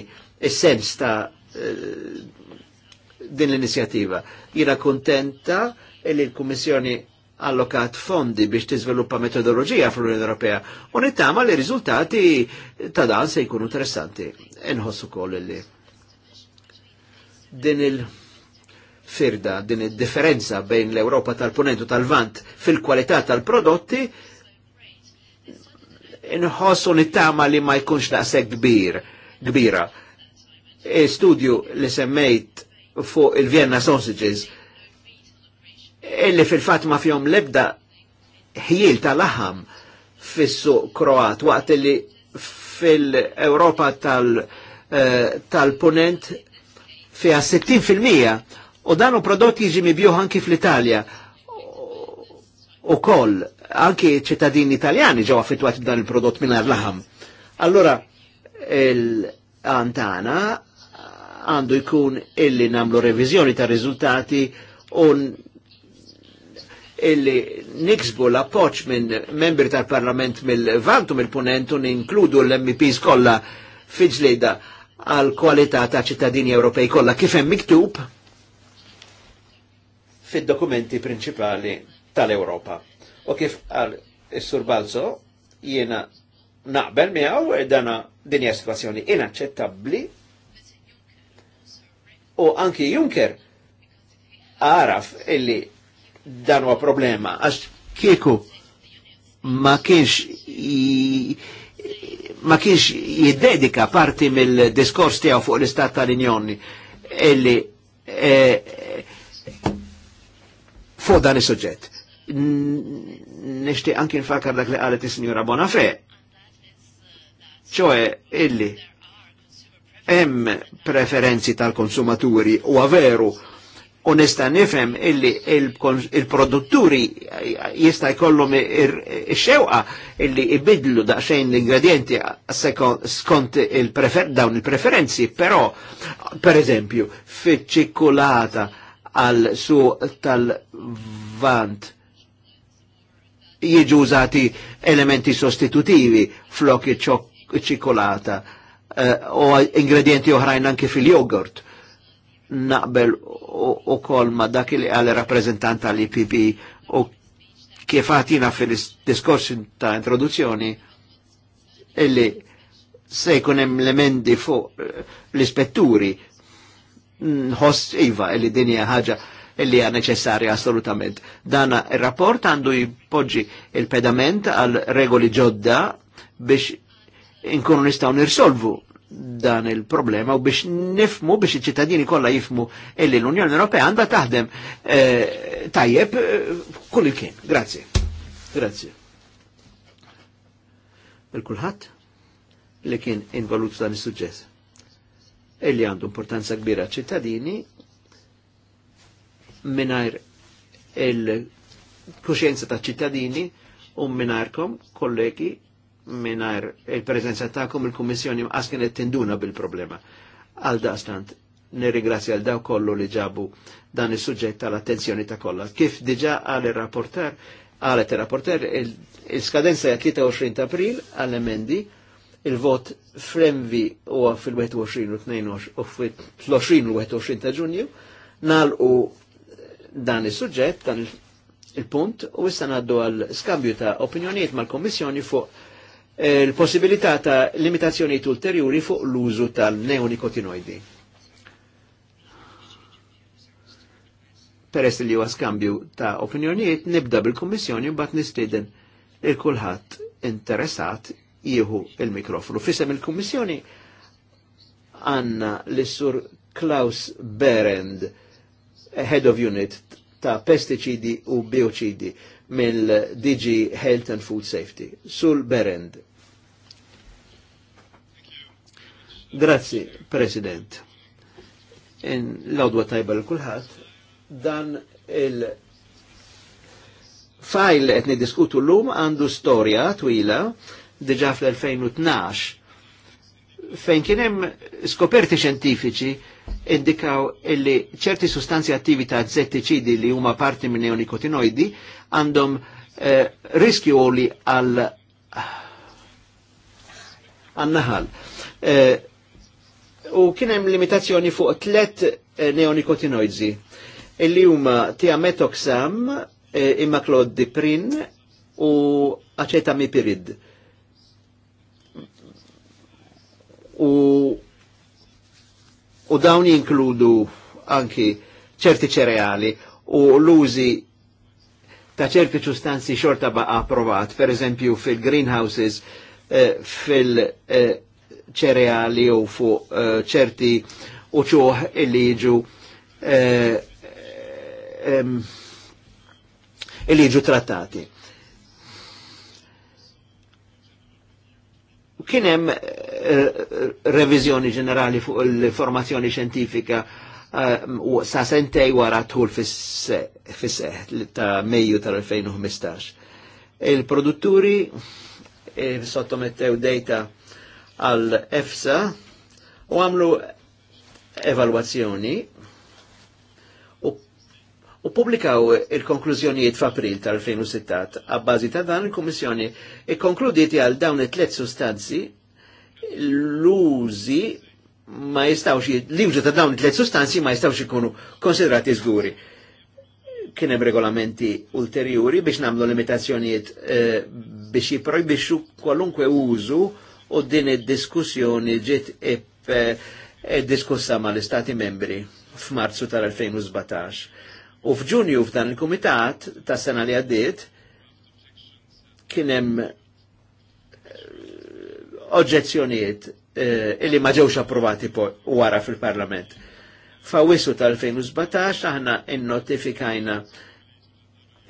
is-sens ta' eh, din l-inizjattiva. Jira kontenta li l-Kummissjoni allokat fondi biex tiżviluppa metodoloġija fl-Unjoni Ewropea u nittama li riżultati ta' dan se jkunu interessanti. Inħossu koll li din il-firda, din il-differenza bejn l-Europa tal-Ponent tal-Vant fil-kwalità tal-prodotti inħossu nittama li ma jkunx naqseg kbir, kbira. E studju li semmejt fuq il-Vienna sausages illi fil-fat ma fjom lebda ħjil tal-aħam fissu Kroat waqt li fil-Europa eh, tal-ponent fija 60% u dan u prodotti jiġi mibjuħ anki fl-Italja u koll anki ċittadini italjani ġewa fitwat b'dan il-prodott minar laħam. Allora, il-antana għandu jkun illi namlu revizjoni ta' riżultati u illi niksbu l-appoċ minn membri tal-Parlament mill-Vantu mill-Punentu ninkludu l-MPs kollha fiġlida għal kwalità ta' ċittadini Ewropej kolla kif hemm miktub fid-dokumenti principali tal europa U kif għal is-Sur Balzo jiena naqbel miegħu dana dinja situazzjoni inaċċettabbli U anki Juncker għaraf illi dan huwa problema għax kieku ma kienx ma kienx jiddedika parti mill-diskors tiegħu fuq l-Istat tal-Unjoni illi e, fuq dan is-suġġett. Nixtieq anki nfakar dak li qalet is-Sinjura Bonafè. ċoe illi hemm preferenzi tal-konsumaturi u għaveru Onesta nifem illi il-produtturi jista' jkollhom ix-xewqa illi ibidlu xejn l-ingredienti skont dawn il-preferenzi, però per eżempju fiċ għal su tal-vant jiġu użati elementi sostitutivi flok iċ-ċikkolata Eh, u uh, ingredienti uħrajn anki fil-jogurt. Naqbel u kol ma dak li għal rappresentant tal IPP u kif għatina fil-diskors ta' introduzzjoni illi se jkun hemm l-emendi fuq eh, l-ispetturi nħoss iva illi dinja ħaġa illi hija neċessarja assolutament. Dana ir-rapport għandu jpoġġi il-pedament għal regoli ġodda biex inkunu nistaw nirsolvu dan il-problema u biex nifmu biex il ċittadini kollha jifmu illi l-Unjoni Ewropea għandha taħdem eh, tajjeb eh, kull kien. Grazie. Grazie. il kulħat li kien involut dan il suġġess Illi għandu importanza kbira ċittadini minnajr il kuxenza ta' ċittadini u minnajrkom kollegi minar il-prezenza ta'kom il-Kommissjoni mqas kienet tinduna bil-problema. Għal daqstant, nirrigrazzja għal daw kollu li ġabu dan is suġġett tal-attenzjoni ta' kollha. Kif diġa għal il-rapporter, għal il-rapporter, il-skadenza il 23 april għal-emendi, il-vot fremvi u fil-21 u 22 u fil-20 u 21 ta' ġunju, u dan is suġġett dan il-punt, u issa għaddu għal skambju ta' opinjoniet mal-Kommissjoni fuq Eh, l-possibilità ta' limitazzjonijiet ulterjuri fuq l-użu tal-neonicotinoidi. Peress li huwa skambju ta' opinjonijiet, nibda bil-Kummissjoni mbagħad nistieden il kulħadd interessat jieħu il-mikrofonu. Fisem il-Kummissjoni għanna l-Sur Klaus Berend, Head of Unit ta' pesticidi u bioċidi mill-DG Health and Food Safety. Sul Berend. Grazzi, President. In l-odwa tajba l-kulħat, dan il- fajl qed niddiskutu l-lum għandu storja twila diġa fl-2012 fejn kien hemm skoperti xjentifiċi indikaw illi ċerti sustanzi attivi ta' zetticidi li huma parti minn neonicotinoidi għandhom eh, riskju li għal għannaħal. Eh, u kienem limitazzjoni fuq tlet eh, neonicotinoidi illi huma tiametoxam, eh, imaklodiprin u acetamipirid. U u dawn jinkludu anki ċerti ċereali u l-użi ta' ċerti ċustanzi xorta baqa approvat, per eżempju fil-greenhouses, eh, fil-ċereali u fu eh, ċerti uċuħ il-liġu eh, il-liġu trattati. Kien hemm eh, eh, ġenerali fuq il-formazzjoni eh, u sa sentej wara tħul fis-seħ ta' Mejju tal-2015. Il-produtturi sottomettew data għal EFSA u għamlu evalwazzjoni u publikaw il-konklużjonijiet f'April tal-2006. Għabbażi ta' dan il kummissjoni ikkonkludiet għal dawn it tliet sustanzi l-użi ma jistawx, l-użi ta' dawn it tliet sustanzi ma jistawx ikunu konsiderati żguri. Kien hemm regolamenti ulterjuri biex nagħmlu limitazzjonijiet eh, biex jipprojbixxu kwalunkwe użu u din id-diskussjoni ġiet e, diskussa mal-Istati membri f'Marzu tal-2017 U f'Ġunju f'dan il-Kumitat ta' sena li għaddiet kien hemm eh, oġġezzjonijiet eh, illi ma ġewx approvati wara fil-Parlament. Fawissu tal-2017 aħna notifikajna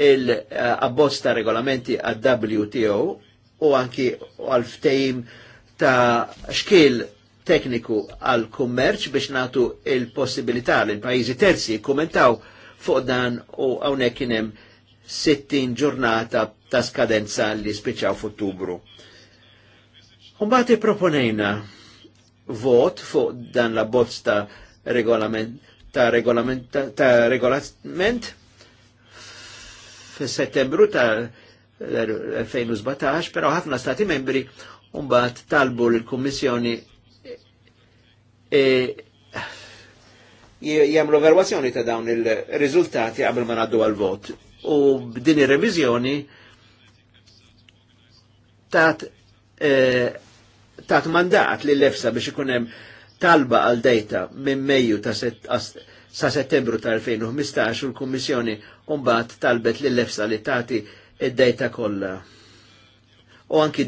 il-abbozz eh, ta' regolamenti għad-WTO u anki għal-ftejim ta' xkil tekniku għal kummerċ biex natu il-possibilità l pajjiżi terzi kommentaw fuq dan u hawnhekk kien hemm 60 ġurnata ta' skadenza li spiċċaw f'Ottubru. Umbagħad proponejna vot fuq dan la bozz ta' regolament ta' regolament ta', regolament fis-Settembru ta' 2017, però ħafna stati membri Umbat talbu l kummissjoni e, jagħmlu verwazzjoni ta' dawn il-riżultati qabel ma naddu għal vot. U b'din ir revizjoni tat eh, tat mandat li l-EFSA biex ikun hemm talba għal dejta minn Mejju ta' set, sa' settembru ta' 2015 u l-Kummissjoni mbagħad talbet li l-EFSA li tagħti id-dejta kollha. U anki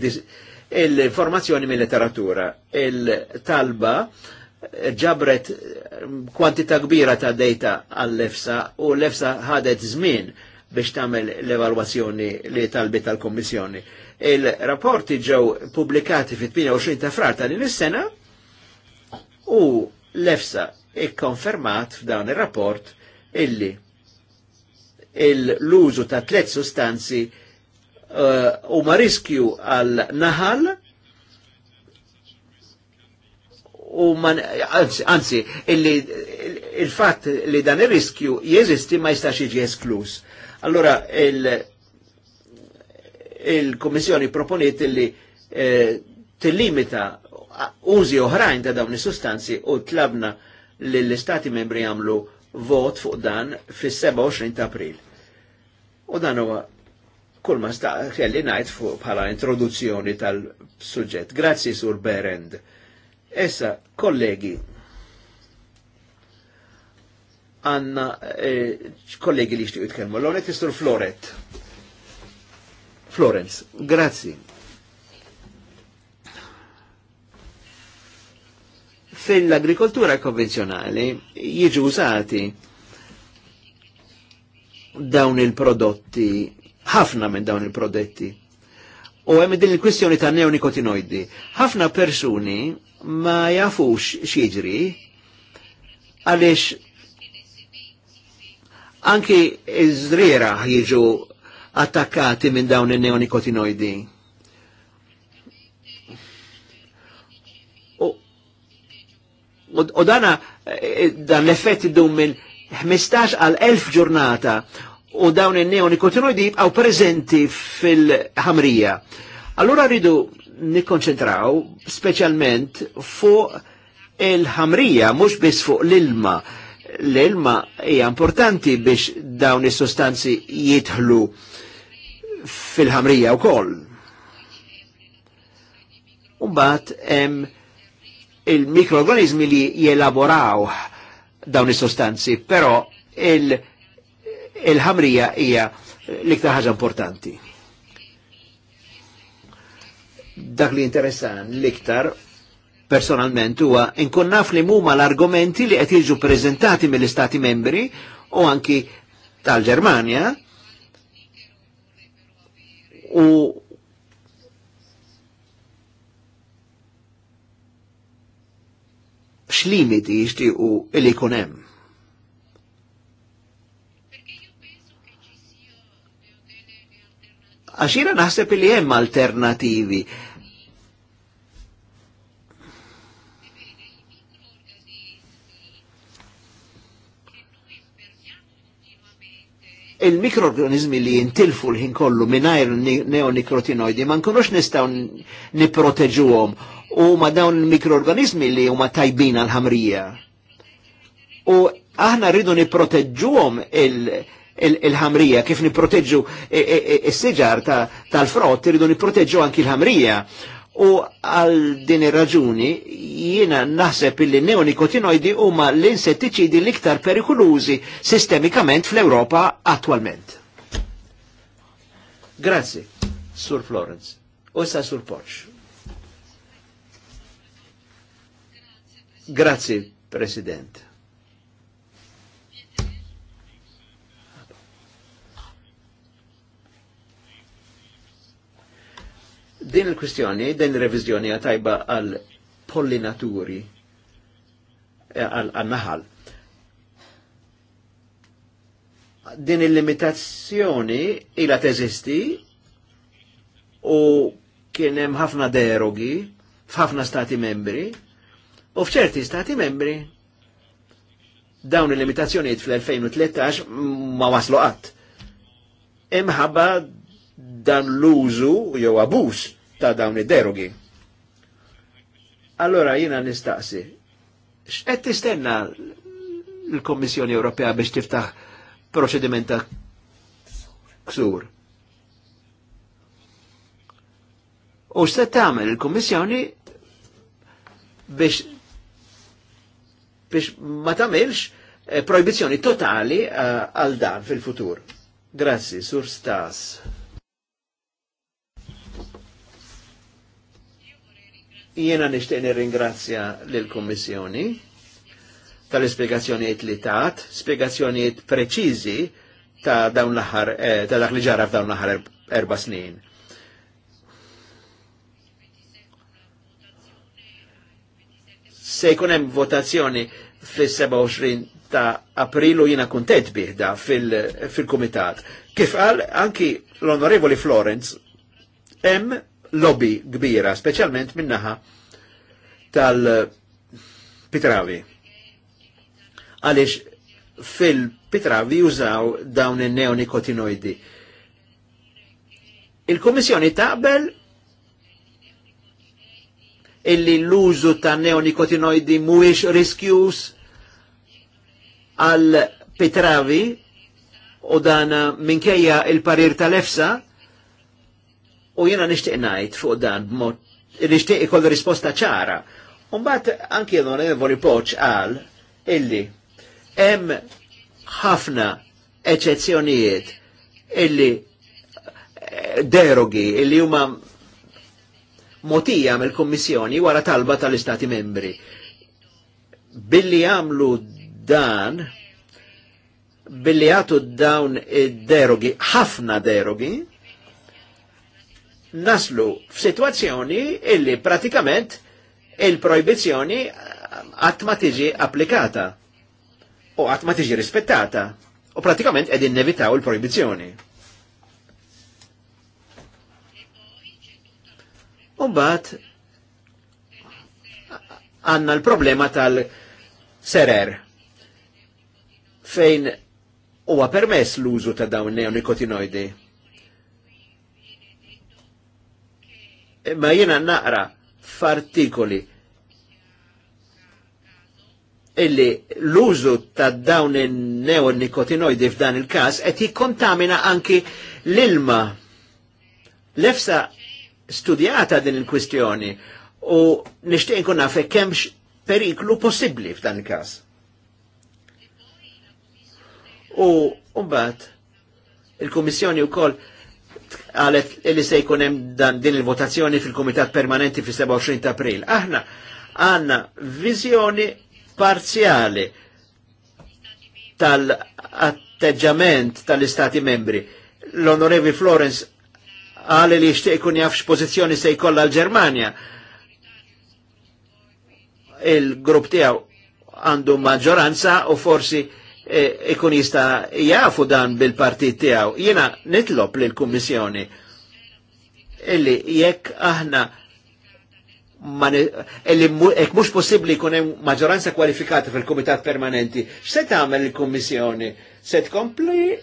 il informazzjoni mill-letteratura. literatura il talba ġabret kwantita kbira ta' data għall-EFSA u l-EFSA ħadet żmien biex tagħmel l-evalwazzjoni li talbi tal-Kommissjoni. Il-rapporti ġew pubblikati fit-28 ta' frar ta' din is-sena u l-EFSA ikkonfermat f'dan ir-rapport illi l-użu ta' tliet sustanzi uh, huma uh, riskju għal naħal u man, anzi, il-fat li dan il-riskju jeżisti ma jistax jiġi esklus. Allora, il-Komissjoni proponiet li eh, tillimita użi oħrajn ta' dawn is-sustanzi u tlabna li l-Istati membri għamlu vot fuq dan fis-27 ta' April. U dan huwa kull ma sta' kelli ngħid fuq bħala introduzzjoni tal-suġġett. Grazzi sur Berend Essa, kollegi, għanna eh, kollegi li xtiqt kelmu, l-għonet jistur Floret. Florence, grazzi. l agrikoltura konvenzjonali jiġu użati dawn il-prodotti, ħafna minn dawn il-prodotti. U hemm din il-kwistjoni ta' neonicotinoidi. Ħafna persuni ma jafux xieġri għalix anki iż-żriera jiġu attakkati minn dawn il-neonikotinoidi. U dana eh, dan l effetti dum minn 15 għal 1000 ġurnata u dawn il-neonikotinoidi jibqaw prezenti fil-ħamrija. Allura rridu nikkonċentraw specialment fuq il-ħamrija, mux biss fuq l-ilma. L-ilma hija importanti biex dawn is-sostanzi jidħlu fil-ħamrija wkoll. Umbagħad hemm il-mikroorganizmi li jelaboraw dawn is-sostanzi, però il-ħamrija hija l-iktar ħaġa importanti dak li interessan l-iktar personalment huwa inkun naf li huma l-argumenti li qed jiġu preżentati mill-Istati membri u anki tal-Ġermanja u x'limiti jixtiequ li hemm. Għaxira naħseb li hemm alternativi. il-mikroorganizmi li jintilfu l-ħin kollu minnajr neonikrotinoidi ma nkunux nistaw niproteġuhom u ma dawn il-mikroorganizmi li huma tajbin għal-ħamrija. U aħna rridu niproteġuhom il- il-ħamrija, kif niproteġġu il siġar tal-frott, irridu niproteġġu anki l-ħamrija. U għal din ir-raġuni jiena naħseb illi neonicotinoidi huma l-insettiċidi l-iktar perikolużi sistemikament fl-Ewropa attwalment. Grazzi, Sur Florence. U sa Sur Poċ. Grazie Presidente. Din il-kwistjoni, din il-revizjoni għatajba għal pollinaturi, eh, għal naħal. Din il-limitazzjoni ila teżisti u kienem ħafna derogi f'ħafna stati membri u f'ċerti stati membri dawn il-limitazzjoniet fl-2013 ma waslu qatt. Imħabba dan l-użu jew abuż ta' dawn id-derogi. Allora jina nistaqsi, x'qed tistenna l-Kommissjoni Ewropea biex tiftaħ proċediment ta' ksur? U x'se tagħmel il-Kummissjoni biex biex ma tagħmilx eh, proibizzjoni totali eh, għal dan fil-futur. Grazzi, Sur Stas. Jiena nixtieq nirringrazzja lill kummissjoni tal-ispjegazzjonijiet li tat, spjegazzjonijiet preċiżi ta' dawn l-aħħar eh, ta' dak li ġara f'dawn l-aħħar erba, snin. Se jkun hemm votazzjoni fis-27 ta' aprilu jina kuntet biħda fil-komitat. Kif għal anki l-onorevoli Florence, hemm lobby kbira, specialment minnaħa tal-Pitravi. Għalix fil-Pitravi jużaw dawn il-neonicotinoidi. il komissjoni taqbel illi l-użu ta' neonicotinoidi muwix riskjus għal Pitravi u dan minkejja il-parir tal-EFSA U jena nishtiq najt fuq dan, nishtiq ikollu risposta ċara. Umbat anki jadon Evoli Poċ għal illi hemm ħafna eċezzjonijiet illi eh, derogi illi huma motija mill-Kommissjoni wara talba tal-Istati membri. Billi għamlu dan, billi għatu dawn id-derogi, ħafna derogi, naslu f'sitwazzjoni illi pratikament il-projbizjoni qatt ma tiġi applikata u qatt ma tiġi rispettata u pratikament qegħdin innevitaw il-projbizjoni. Umbat għanna l-problema tal-serer fejn huwa permess l-użu ta' dawn neonikotinoidi Ma jena naqra f'artikoli illi l-użu ta' dawn il-neonicotinoidi f'dan il-kas qed jikkontamina anki l-ilma. Lefsa studjata din il-kwistjoni u nixtieq nkun naf kemmx periklu possibbli f'dan il-każ. U mbagħad il-Kummissjoni wkoll għalet li se jkunem dan din il-votazzjoni fil-Komitat Permanenti fil-27 ta' April. Aħna għanna vizjoni parzjali tal-atteġġament tal-Istati membri. L-Onorevi Florence għale li jishtiq kun jaf x'pożizzjoni se jkollha l-Ġermanja. Il-grupp tiegħu għandu maġġoranza u forsi E, ikun jista jafu dan bil-partit tiegħu. Jiena nitlob lill kummissjoni illi jekk aħna illi jekk mhux possibbli jkun hemm maġġoranza kwalifikata fil-kumitat permanenti, x'se tagħmel il-Kummissjoni? Se tkompli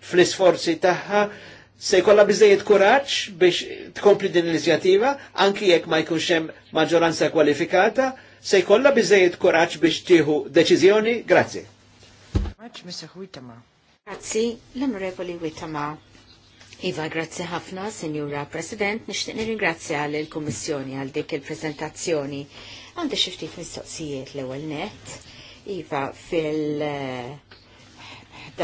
fl-isforzi tagħha se jkollha biżejjed kuraġġ biex tkompli din l-inizjattiva anki jekk ma jkunx hemm maġġoranza kwalifikata, se jkollha biżejjed kuraġġ biex tieħu deċiżjoni? Grazzi much, Mr. Huitama. Grazzi, l-Onorevoli Huitama. Iva, grazzi ħafna, Signora President, nishtiq nirringrazzja l-Kommissjoni għal dik il-prezentazzjoni. Għandi xiftit mistoqsijiet l ewwel net. Iva, fil-11.07 eh,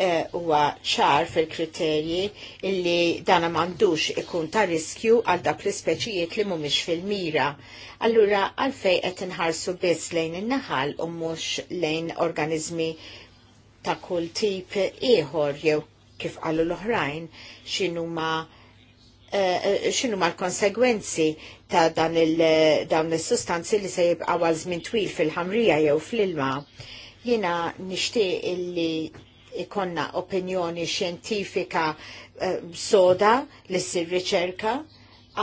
Eh, huwa ċar fil-kriterji illi dana mandux ikun ta' riskju għal dak l-ispeċijiet li mhumiex fil-mira. Allura għalfej qed inħarsu biss lejn in-naħal u mhux lejn organizmi ta' kull tip ieħor jew kif qalu l-oħrajn x'inhuma eh, ma l-konsegwenzi ta' dan il-dawn is sustanzi li se jibqa' għal żmien twil fil-ħamrija jew fl-ilma. Jiena nixtieq illi ikonna opinjoni xjentifika eh, soda li ssir riċerka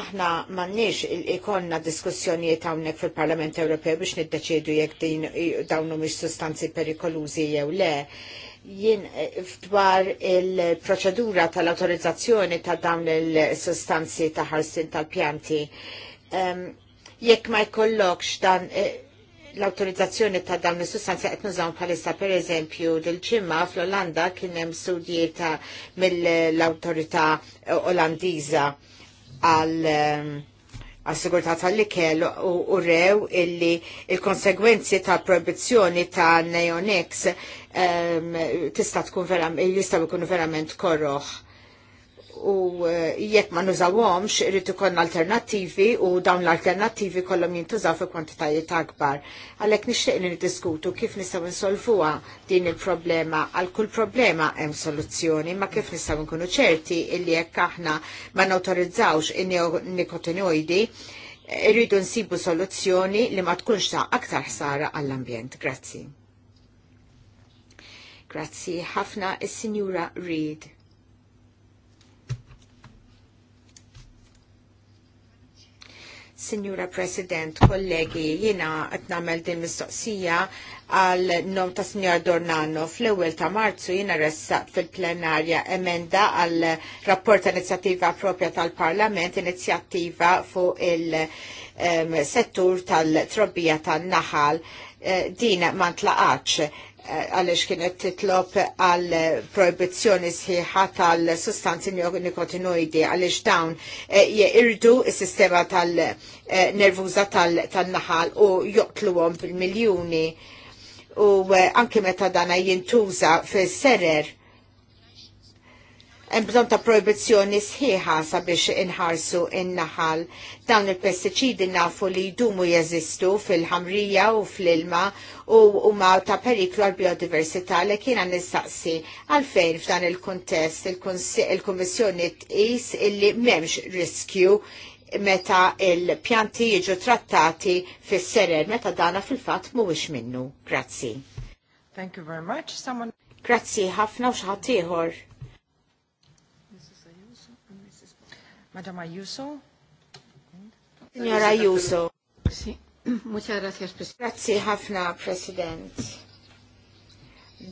aħna mannix ikonna diskussjonijiet hawnhekk fil-Parlament Ewropew biex niddeċiedu jekk dawn dawnu sustanzi perikolużi jew le. Jien eh, f'dwar il-proċedura tal-autorizzazzjoni ta' dawn il-sustanzi ta' ħarsin tal-pjanti. Ehm, jekk ma jkollokx dan eh, l-autorizzazzjoni ta' dawn l sustanzi qed nużaw bħalissa pereżempju dil ċimma fl-Olanda kien hemm studji mill-awtorità Olandiża għal ehm, għas-sigurtà tal-ikel u rew illi il-konsegwenzi ta' proibizzjoni ta' neonex ehm, tista' tkun jistgħu jkunu verament korroħ u e, jekk ma nużawhomx irid ikun alternattivi u dawn l-alternattivi kollhom jintużaw fi kwantitajiet akbar. Għalhekk nixtieq li niddiskutu kif nistgħu nsolvuha din il-problema għal kull problema hemm soluzzjoni, ma kif nistgħu nkunu ċerti illi jekk aħna ma nawtorizzawx in-nikotinoidi irridu nsibu soluzzjoni li ma tkunx ta' aktar ħsara għall-ambjent. Grazzi. Grazzi ħafna is-Sinjura Reed. Signora President, kollegi, jina qed nagħmel din mistoqsija għal nom ta' Signor Dornano fl-ewwel ta' Marzu jiena ressaq fil-plenarja emenda għal rapport inizjattiva propja tal-Parlament, inizjattiva fuq il-settur tal-trobbija tan-naħal eh, din ma ntlaqax għalix kienet titlop għal proibizzjoni sħiħa tal-sustanzi nikotinoidi għalix dawn eh, jirdu il-sistema tal-nervuza eh, tal-naħal u joqtluwom bil-miljoni u eh, anki meta dana jintuża fil-serer hemm bżonn ta' proibizzjoni sħiħa sabiex inħarsu in-naħal. Dawn il-pestiċidi nafu li jdumu jeżistu fil-ħamrija u fl-ilma u huma ta' periklu għal biodiversità li kiena nistaqsi għalfejn f'dan il-kuntest il-Kummissjoni tqis illi m'hemmx riskju meta il-pjanti jiġu trattati fis-serer meta dana fil-fatt mhuwiex minnu. Grazzi. Thank you very much. Someone... Grazzi ħafna u ieħor. Madame Ayuso. Signora Ayuso. Sì. <clears throat> Muchas gracias, Presidente. Grazie ħafna, President.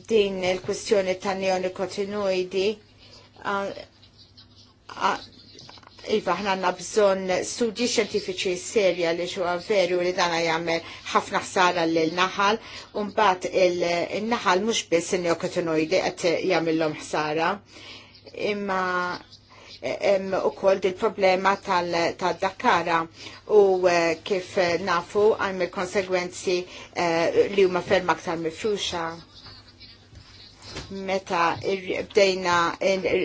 Din il-kwestjoni ta' neonicotinoidi Iva, ħna għanna bżon studji xentifiċi serja li xuwa veru li dana jammer ħafna ħsara l-naħal, un-bat il-naħal mux biss il-neokotinoidi għet jammillom ħsara. Imma u ukoll il problema tal-dakkara u kif nafu għajm konsegwenzi eh, li huma ferma aktar mifruxa meta bdejna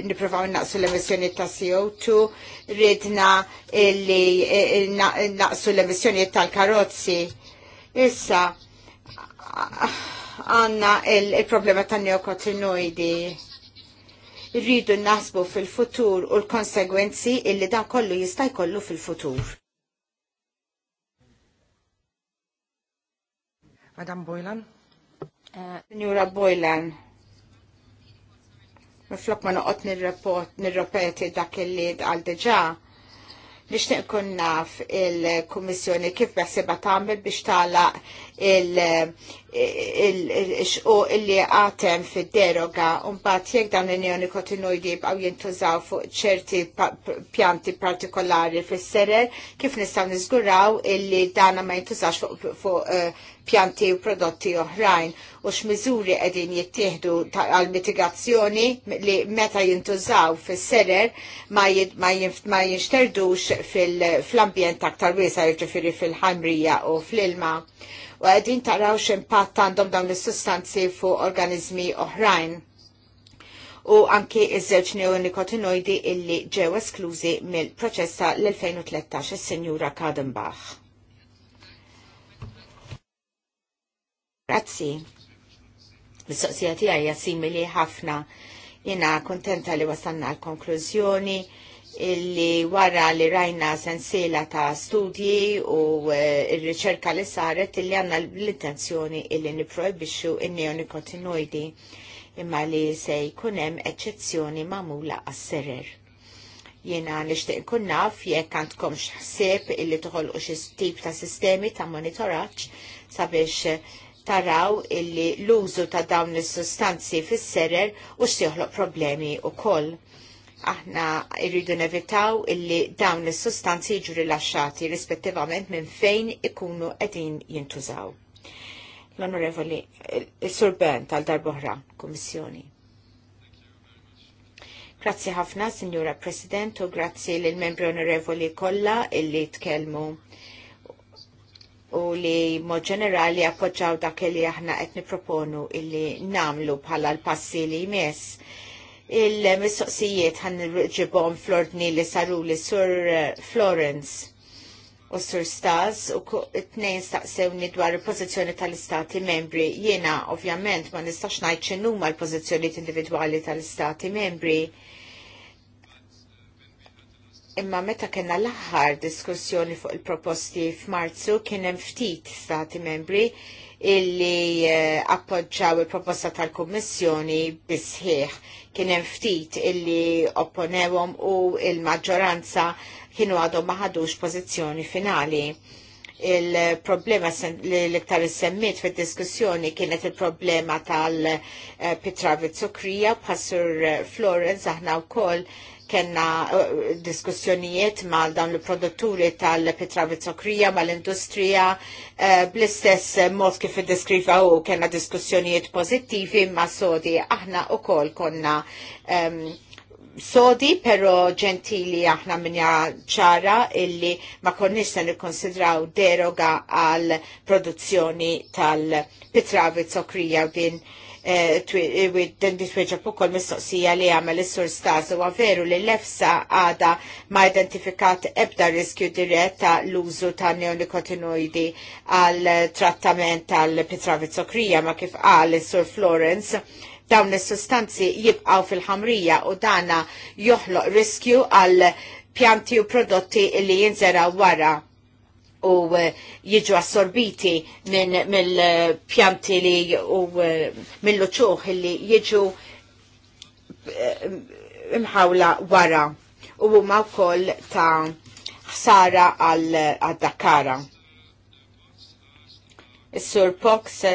niprofaw naqsu l-emissjoni ta' CO2, ridna li eh, naqsu l-emissjoni tal-karozzi. Issa, għanna il-problema tan neokotinoidi rridu nasbu fil-futur u l-konsegwenzi illi dan kollu jista' jkollu fil-futur. Madam Boylan? Eh, Signora Boylan, flok ma noqgħod nirrepeti dak il il-li għal deġa' Biex nekun naf il-Kummissjoni kif beħsibha tagħmel biex tagħlaq il-xquq illi għatem fid-deroga mbagħad jekk dan l unjoni kotinoidi jibqgħu jintużaw fuq ċerti pjanti partikolari fis-serer kif nistgħu niżguraw illi dana ma jintużax fuq eh, pjanti u prodotti oħrajn u x'miżuri qegħdin jittieħdu għal mitigazzjoni li meta jintużaw fis-serer ma, jinxterdux fil-ambjent aktar wiesa jiġifieri fil-ħamrija u fl-ilma. U qegħdin taraw x'impatt għandhom dawn is-sustanzi fuq organizmi oħrajn u anki iż-żewġ neonikotinoidi illi ġew esklużi mill-proċessa l-2013 is-Sinjura Kadenbach. Grazzi. Mis-soqsija tiegħi hija simili ħafna. Jiena kontenta li wasanna l-konklużjoni illi wara li rajna sensiela ta' studji u e, r-riċerka li saret illi għanna l-intenzjoni illi niprojbixxu il kontinuidi imma li se jkunem eccezzjoni mamula għas-serer. Jena nishtiq kun naf jekk għandkom xħsib illi toħolqu xi tip ta' sistemi ta' monitoraġġ sabiex taraw illi l-użu ta' dawn is-sustanzi fis-serer u x'joħloq problemi wkoll. Aħna irridu nevitaw illi dawn is-sustanzi jiġu rilaxxati rispettivament minn fejn ikunu qegħdin jintużaw. L-Onorevoli, il-Sur eh, Bern tal-Darbohra, Kummissjoni. Grazzi ħafna, Signora President, u grazzi l-membri onorevoli kollha illi tkellmu u li mod ġenerali appoġġaw dak li aħna qed niproponu illi namlu bħala l-passi li jmiss il-mistoqsijiet ħan ġibom flordni li saru li sur eh, Florence u sur Stas u t-nejn staqsewni dwar il-pozizjoni tal-istati membri. Jena, ovvjament, ma nistax najċenu ma l pozizjoni individuali tal-istati membri Imma meta kena l-aħħar diskussjoni fuq il-proposti f'Marzu kien hemm ftit stati membri illi eh, appoġġaw il-proposta tal-Kummissjoni bisħiħ. Kien hemm ftit illi opponewhom u il-maġġoranza kienu għadhom ma ħadux pożizzjoni finali. Il-problema li l-iktar semmit fid-diskussjoni kienet il-problema tal-pitra eh, vizzukrija Pasur eh, Florence aħna wkoll kena eh, diskussjonijiet mal dawn l-produtturi tal-pitra vizzokrija, mal-industrija, eh, bl-istess mod kif id-deskriva u kena diskussjonijiet pozittivi ma sodi. Aħna u kol konna ehm, sodi, pero ġentili aħna minja ċara illi ma konniex se nikkonsidraw deroga għal produzzjoni tal-pitra vizzokrija u din Eh, eh, din tweġab ukoll mistoqsija li għamel is-sur staż veru li l-EFSA għada ma identifikat ebda riskju dirett ta' l-użu ta' neonicotinoidi għal trattament tal-pitravizzokrija ma kif qal is-sur Florence dawn is-sustanzi jibqaw fil-ħamrija u dana joħloq riskju għal pjanti u prodotti li jinżeraw wara u eh, jiġu assorbiti minn mill-pjanti eh, li u eh, mill-luċuħ li jiġu imħawla wara u huma wkoll ta' ħsara għal Dakara. Is-Sur Pox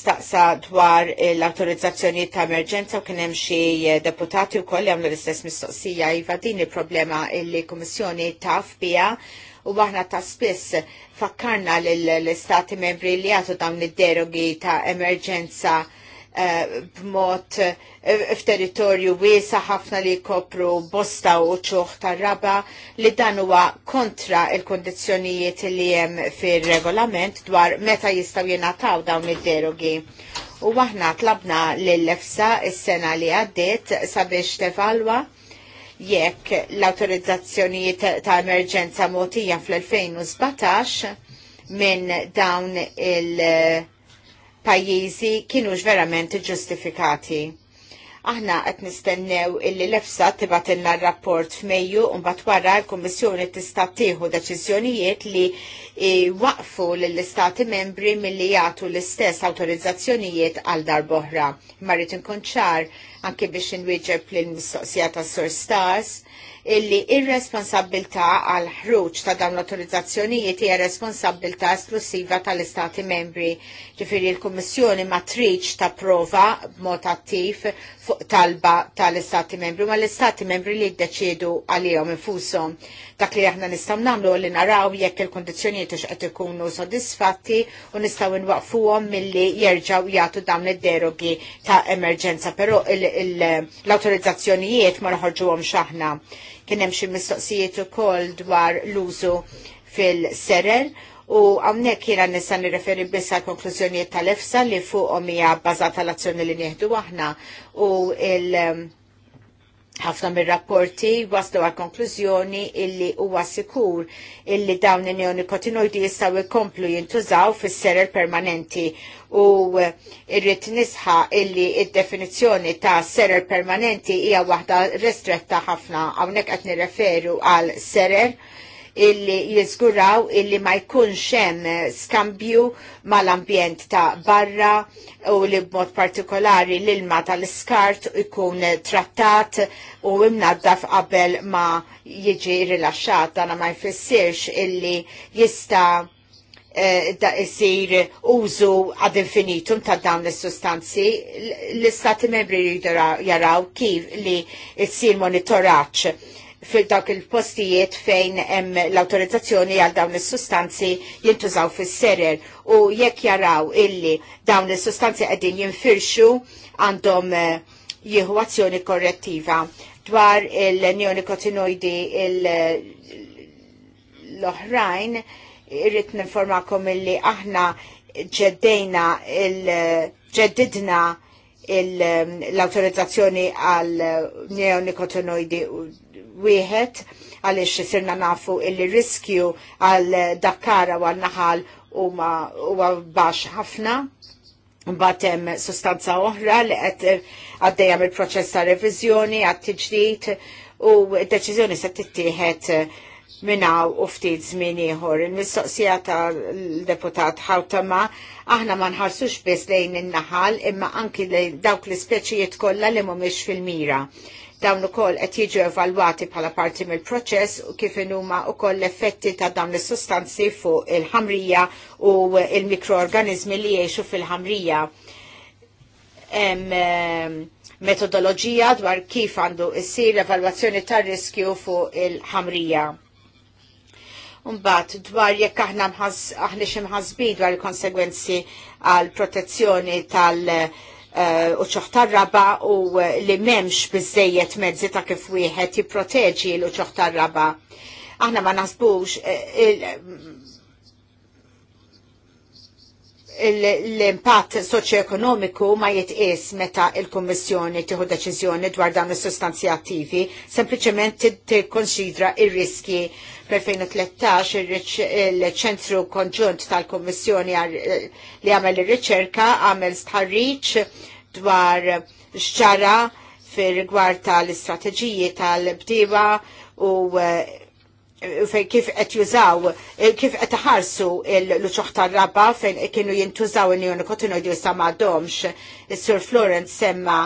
staqsa dwar l-autorizzazzjoni ta' emerġenza u kien hemm xi deputati wkoll jagħmlu l-istess mistoqsija iva din il-problema illi kummissjoni taf biha u aħna ta' spiss fakkarna l-istati membri li għatu dawn id-derogi ta' emerġenza eh, b'mod eh, f'territorju wiesa ħafna li kopru bosta u ċuħ tar-raba li dan huwa kontra il kondizjonijiet li hemm fir-regolament dwar meta jistgħu jingħataw dawn id-derogi. U aħna tlabna lill lefsa is-sena li għaddiet sabiex tevalwa jekk l-autorizzazzjonijiet ta' emerġenza motija fl-2017 minn dawn il-pajjiżi kienux verament ġustifikati. Aħna qed nistennew illi l-EFSA tibatilna r-rapport f'Mejju u mbagħad wara l-Kummissjoni tista' tieħu deċiżjonijiet li e, waqfu lill-Istati membri milli jagħtu l-istess awtorizzazzjonijiet għal darb'oħra. Marit inkun ċar anke biex inwieġeb lill mistoqsija tas-Sur Stars illi ir-responsabilta għal ħruġ ta' dawn l-autorizzazzjonijiet hija responsabilta esklusiva tal-Istati membri. Ġifieri l-Kummissjoni ma triċ ta' prova b'mod attiv fuq talba tal-Istati membri ma l-Istati membri li jiddeċiedu għalihom infushom. Dak li aħna nistgħu nagħmlu li naraw jekk il kundizzjonijiet x'qed ikunu sodisfatti u nistgħu nwaqfuhom milli jerġgħu jagħtu dawn id-derogi ta' emerġenza, però l-autorizzazzjonijiet ma noħorġuhom x'aħna. Kien hemm xi mistoqsijiet ukoll dwar l-użu fil-serer u għamnek jena nisa nirreferi biss għal konklużjonijiet tal-EFSA li fuqhom hija bbażata l-azzjoni li nieħdu aħna u il- ħafna mir-rapporti waslu għal konklużjoni illi huwa sikur illi dawn in-neonikotinoidi jistgħu jkomplu jintużaw fis-serer permanenti u eh, irrid nisħa illi id-definizzjoni ta' serer permanenti hija waħda restretta ħafna hawnhekk qed nirreferu għal serer illi jizguraw illi ma jkunx hemm skambju mal-ambjent ta' barra u li b'mod partikolari l-ilma tal-iskart ikun trattat u imnaddaf qabel ma jiġi rilaxxat dana ma jfissirx illi jista' eh, da jisir użu ad infinitum ta' dawn l-sustanzi, l-istati membri jaraw kif li jisir monitoraċ fil-dawk il-postijiet fejn hemm l-autorizzazzjoni għal dawn is-sustanzi jintużaw fis-serer u jekk jaraw illi dawn is-sustanzi qegħdin jinfirxu għandhom eh, jieħu azzjoni korrettiva dwar il-neonicotinoidi l-oħrajn irrit ninformakom illi aħna ġeddejna il-ġeddidna l-autorizzazzjoni għal neonicotinoidi wieħed għaliex sirna nafu il-riskju għal dakkara u għal naħal u baxx ħafna. Mbagħad hemm sustanza oħra li qed għaddejja mill-proċess ta' reviżjoni għat tiġdijt u d-deċiżjoni se tittieħed minnaw u ftit żmien ieħor. Il-mistoqsija tal-deputat Ħawtama aħna ma nħarsux biss lejn in-naħal imma anki lejn dawk l-ispeċijiet kollha li mhumiex fil-mira. Dawn ukoll qed jiġu evalwati bħala parti mill-proċess u kif huma wkoll l-effetti ta' dawn is-sustanzi fuq il-ħamrija u il-mikroorganizmi li jgħixu fil-ħamrija. Metodoloġija dwar kif għandu issir evalwazzjoni tar-riskju fuq il-ħamrija. Umbat, dwar jekk aħna aħna ximħazbi dwar il-konsegwenzi għal protezzjoni tal- Eh, u ċoħtar raba u eh, li memx bizzejiet mezzi ta' kif wieħed jipproteġi l ċoħtar raba. Aħna ma nasbux eh, l-impatt soċjoekonomiku ma jitqis meta il-Kummissjoni tieħu deċiżjoni dwar dawn is-sustanzi attivi, sempliċement tikkonsidra ir-riski per 2013 il-ċentru konġunt tal-Kummissjoni li għamel ir-riċerka għamel stħarriċ dwar xċara fir rigward tal-istrateġiji tal-bdiba u eh, fejn kif qed jużaw, eh, kif qed ħarsu l-uċuħ tar-raba fejn kienu jintużaw il-neonicotinoidi u sa m'għadhomx. Is-Sur Florence semma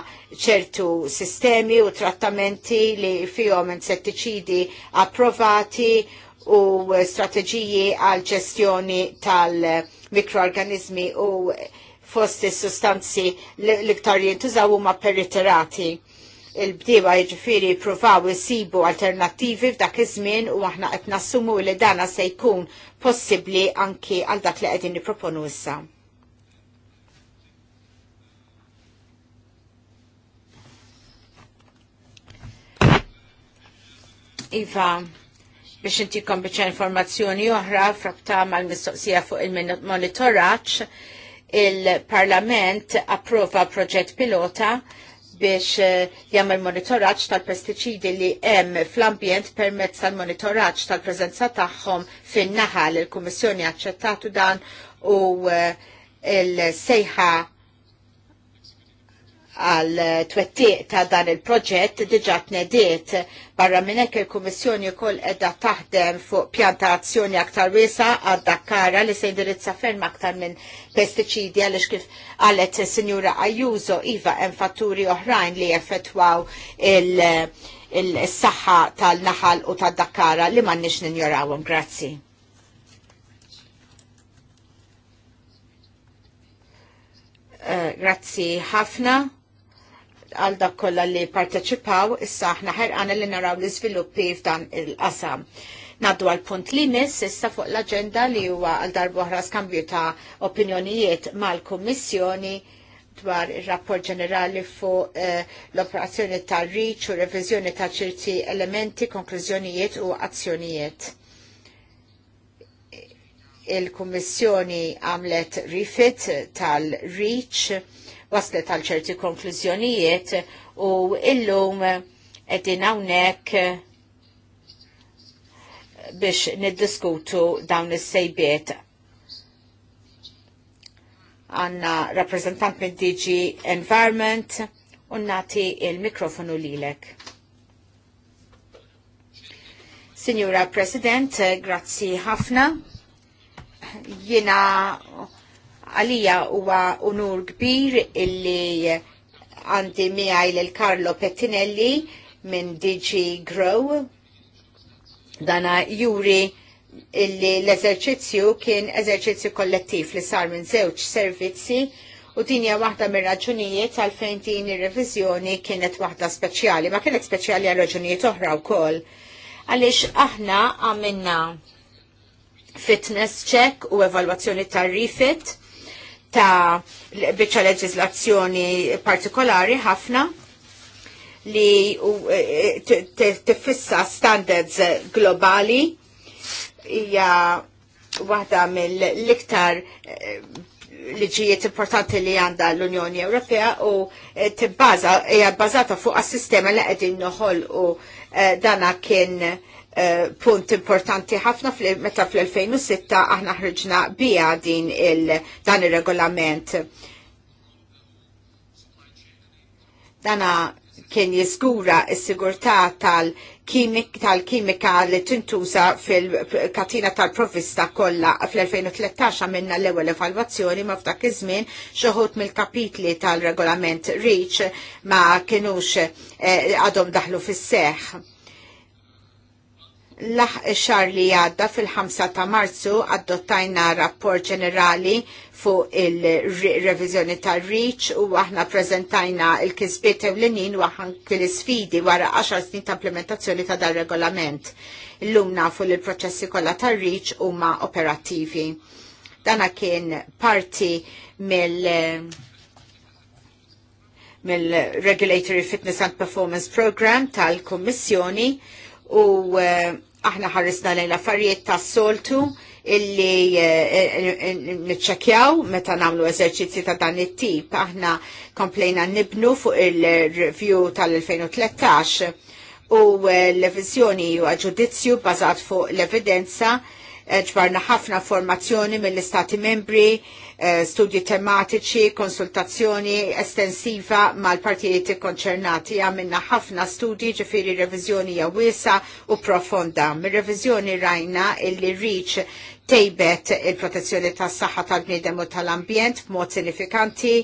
ċertu sistemi u trattamenti li fihom insettiċidi approvati u strateġiji għal ġestjoni tal-mikroorganizmi u fost is-sustanzi l-iktar jintużaw huma periterati il-bdiewa jiġifieri provaw jisibu alternattivi f'dak iż-żmien u aħna qed nassumu li dana se jkun possibbli anki għal dak li qegħdin nipproponu issa. Iva, biex inti biex informazzjoni oħra frabta mal-mistoqsija fuq il-monitoraċ, il-Parlament approva proġett pilota biex eh, jagħmel monitoraġġ tal-pestiċidi li hemm fl-ambjent permezz tal-monitoraġġ tal-preżenza tagħhom fin-naħal. Il-Kummissjoni aċċettatu dan u eh, il-sejħa għal twettiq ta' dan il-proġett diġa tnediet barra minnek il-Kummissjoni kol edda taħdem fuq pjanta azzjoni aktar wisa għad Dakkara li se jindirizza ferm aktar minn pesticidi għalix kif għalet Signora Ajuso iva hemm fatturi oħrajn li effettwaw il-saħħa il tal-naħal u tad-Dakkara li m'għandniex ninjorawhom. Grazzi. Uh, grazzi ħafna għal dak kollha li parteċipaw, issa aħna ħerqan li naraw l-iżviluppi f'dan il-qasam. Naddu għal punt li nis issa fuq l-agenda li huwa għal oħra skambju ta' opinjonijiet mal-Kummissjoni dwar il-rapport ġenerali fuq eh, l-operazzjoni ta' riċ u revizjoni ta' ċerti elementi, konklużjonijiet u azzjonijiet. Il-Kummissjoni għamlet rifit tal reach waslet għal ċerti konklużjonijiet u illum qegħdin hawnhekk biex niddiskutu dawn is-sejbiet għanna rappresentant minn DG Environment u nati il-mikrofonu lilek. Signora President, grazzi ħafna. Jina għalija huwa unur kbir illi għandi miħaj l-Karlo Pettinelli minn DG Grow. Dana juri illi l-eżerċizzju kien eżerċizzju kollettiv li sar minn żewġ servizzi u din hija waħda mir raġunijiet għalfejn din ir-reviżjoni kienet waħda speċjali, ma kienet speċjali għal raġunijiet oħra wkoll. Għaliex aħna għamilna fitness check u evalwazzjoni tar-rifit ta' biċċa leġizlazzjoni partikolari ħafna li e, e, tifissa standards globali hija waħda mill-iktar e, liġijiet importanti li għanda l-Unjoni Ewropea u tibbaza hija bbażata fuq as-sistema li qegħdin noħol u dana kien Eh, punt importanti ħafna meta fl-2006 aħna ħriġna bija din il, dan il-regolament. Dana kien jiżgura s-sigurtà tal-kimika li tintuża fil-katina tal-provista kollha fl-2013 għamilna l-ewwel evalwazzjoni ma f'dak iż-żmien xoħut mill-kapitli tal-regolament REACH ma kienux eh, għadhom daħlu fis-seħħ Laħ xar li għadda fil-5 ta' marzu adottajna rapport ġenerali fuq il-revizjoni ta' reach u aħna prezentajna il-kisbiet ewlenin u anki l-sfidi wara 10 snin ta' implementazzjoni ta' dal regolament. Illum nafu li l-proċessi kollha ta' reach huma operattivi. Dana kien parti mill- mill-Regulatory Fitness and Performance Program tal-Kommissjoni u eh, aħna ħarrisna lejn l-affarijiet tas soltu illi eh, eh, nċekjaw meta nagħmlu eżerċizzi ta' dan it-tip. Aħna komplejna nibnu fuq il-review tal-2013 u l-revizjoni u ġudizzju bazat fuq l-evidenza Eh, ġbarna ħafna formazzjoni mill-Istati membri, eh, studji tematiċi, konsultazzjoni estensiva mal-partijiet konċernati. Għamilna ħafna studji ġifiri revizjoni jawisa u profonda. Mir-revizjoni rajna illi riċ tejbet il-protezzjoni tas saħħa tal-bniedem u tal-ambjent b'mod sinifikanti,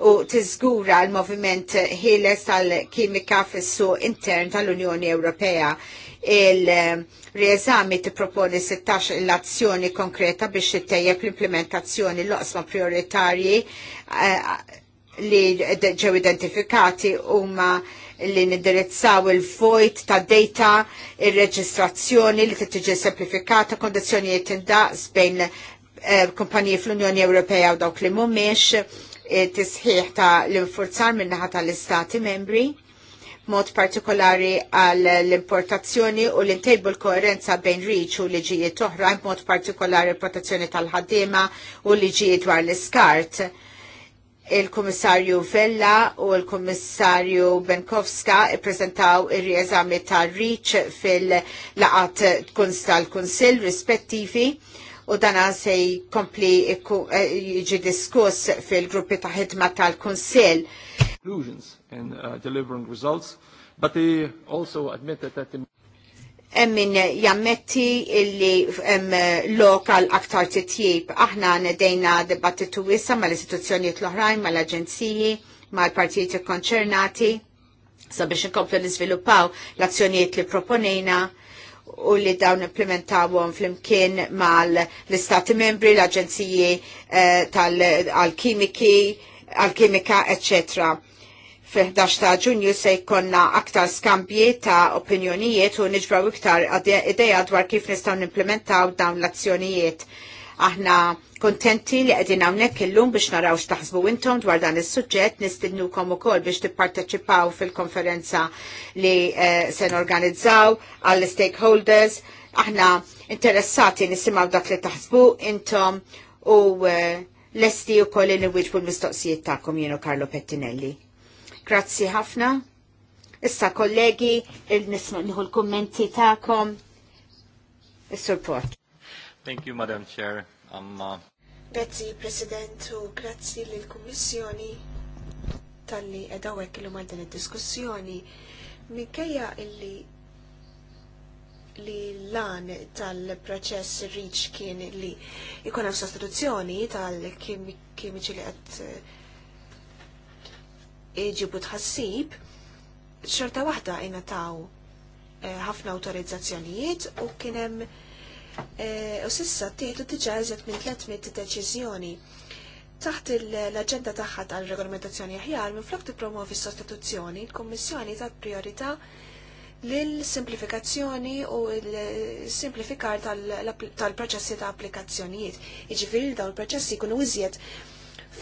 u tiżgura l-moviment ħieles tal-kimika fis-suq intern tal-Unjoni Ewropea il reżami ti proponi 16 l-azzjoni konkreta biex jittejjeb tejjeb l-implementazzjoni l-osma prioritarji eh, li ġew identifikati huma li nindirizzaw il-vojt ta' data, il-reġistrazzjoni li tiġi semplifikata, kondizzjonijiet indaqs bejn eh, kumpaniji fl-Unjoni Ewropea u dawk li mumiex, Eh, tisħiħ ta' l-infurzar minnaħa tal-istati membri mod partikolari għal l-importazzjoni u l-intejbu l-koerenza bejn riċ u liġijiet oħra, mod partikolari protezzjoni tal-ħaddiema u liġijiet dwar l-iskart. Il-Kummissarju Vella u l-Kummissarju Benkowska ippreżentaw ir-rieżami tal-riċ fil-laqat kunst tal-Kunsill rispettivi u dana se jkompli eh, jiġi diskuss fil-gruppi ta' ħidma tal-Kunsill. Conclusions and uh, delivering results, but they also admitted that the emmin jammetti illi eh, lokal aktar titjib. Aħna nedejna dibattitu wissa ma l istituzzjoni l-oħrajn, ma l-aġenziji, ma l-partijiet konċernati sabiex nkomplu nizviluppaw l-azzjonijiet li proponejna u li dawn implementawhom flimkien mal-istati membri, l-aġenziji eh, tal-kimiki, għal-kimika, etc. Fi 11 ta' ġunju se jkonna aktar skambji ta' opinjonijiet u niġbraw iktar ideja dwar kif nistaw n-implementaw dawn l-azzjonijiet. Aħna kontenti li qegħdin hawnhekk illum biex naraw x'taħsbu intom dwar dan is-suġġett nistidnukom ukoll biex tipparteċipaw fil-konferenza li uh, se norganizzaw għall-stakeholders. Aħna interessati nisimgħu dak li taħsbu intom u l eh, lesti u koll li wieġbu l-mistoqsijiet tagħkom komjenu Karlo Pettinelli. Grazzi ħafna. Issa kollegi, il-nisma l-kommenti ta'kom. is support Thank you, Madam Chair. Um, uh... Grazzi, President, u grazie l-Kommissjoni tal-li edawek il-lum din id-diskussjoni. Minkejja illi li lan tal-proċess riċ kien li ikun hemm sostituzzjoni tal-kimiċi li għad eh, iġibu tħassib, xorta waħda ingħataw eh, ħafna awtorizzazzjonijiet u kien hemm Eh, u sissa titlu t eżet minn 300 deċiżjoni. Taħt l-agenda tagħha tal-regolamentazzjoni aħjar minn flok tippromovi s-sostituzzjoni, il-Kommissjoni tat priorità l-simplifikazzjoni u l-simplifikar tal-proċessi ta' applikazzjonijiet. Iġifiri dawn il-proċessi jkunu iżjed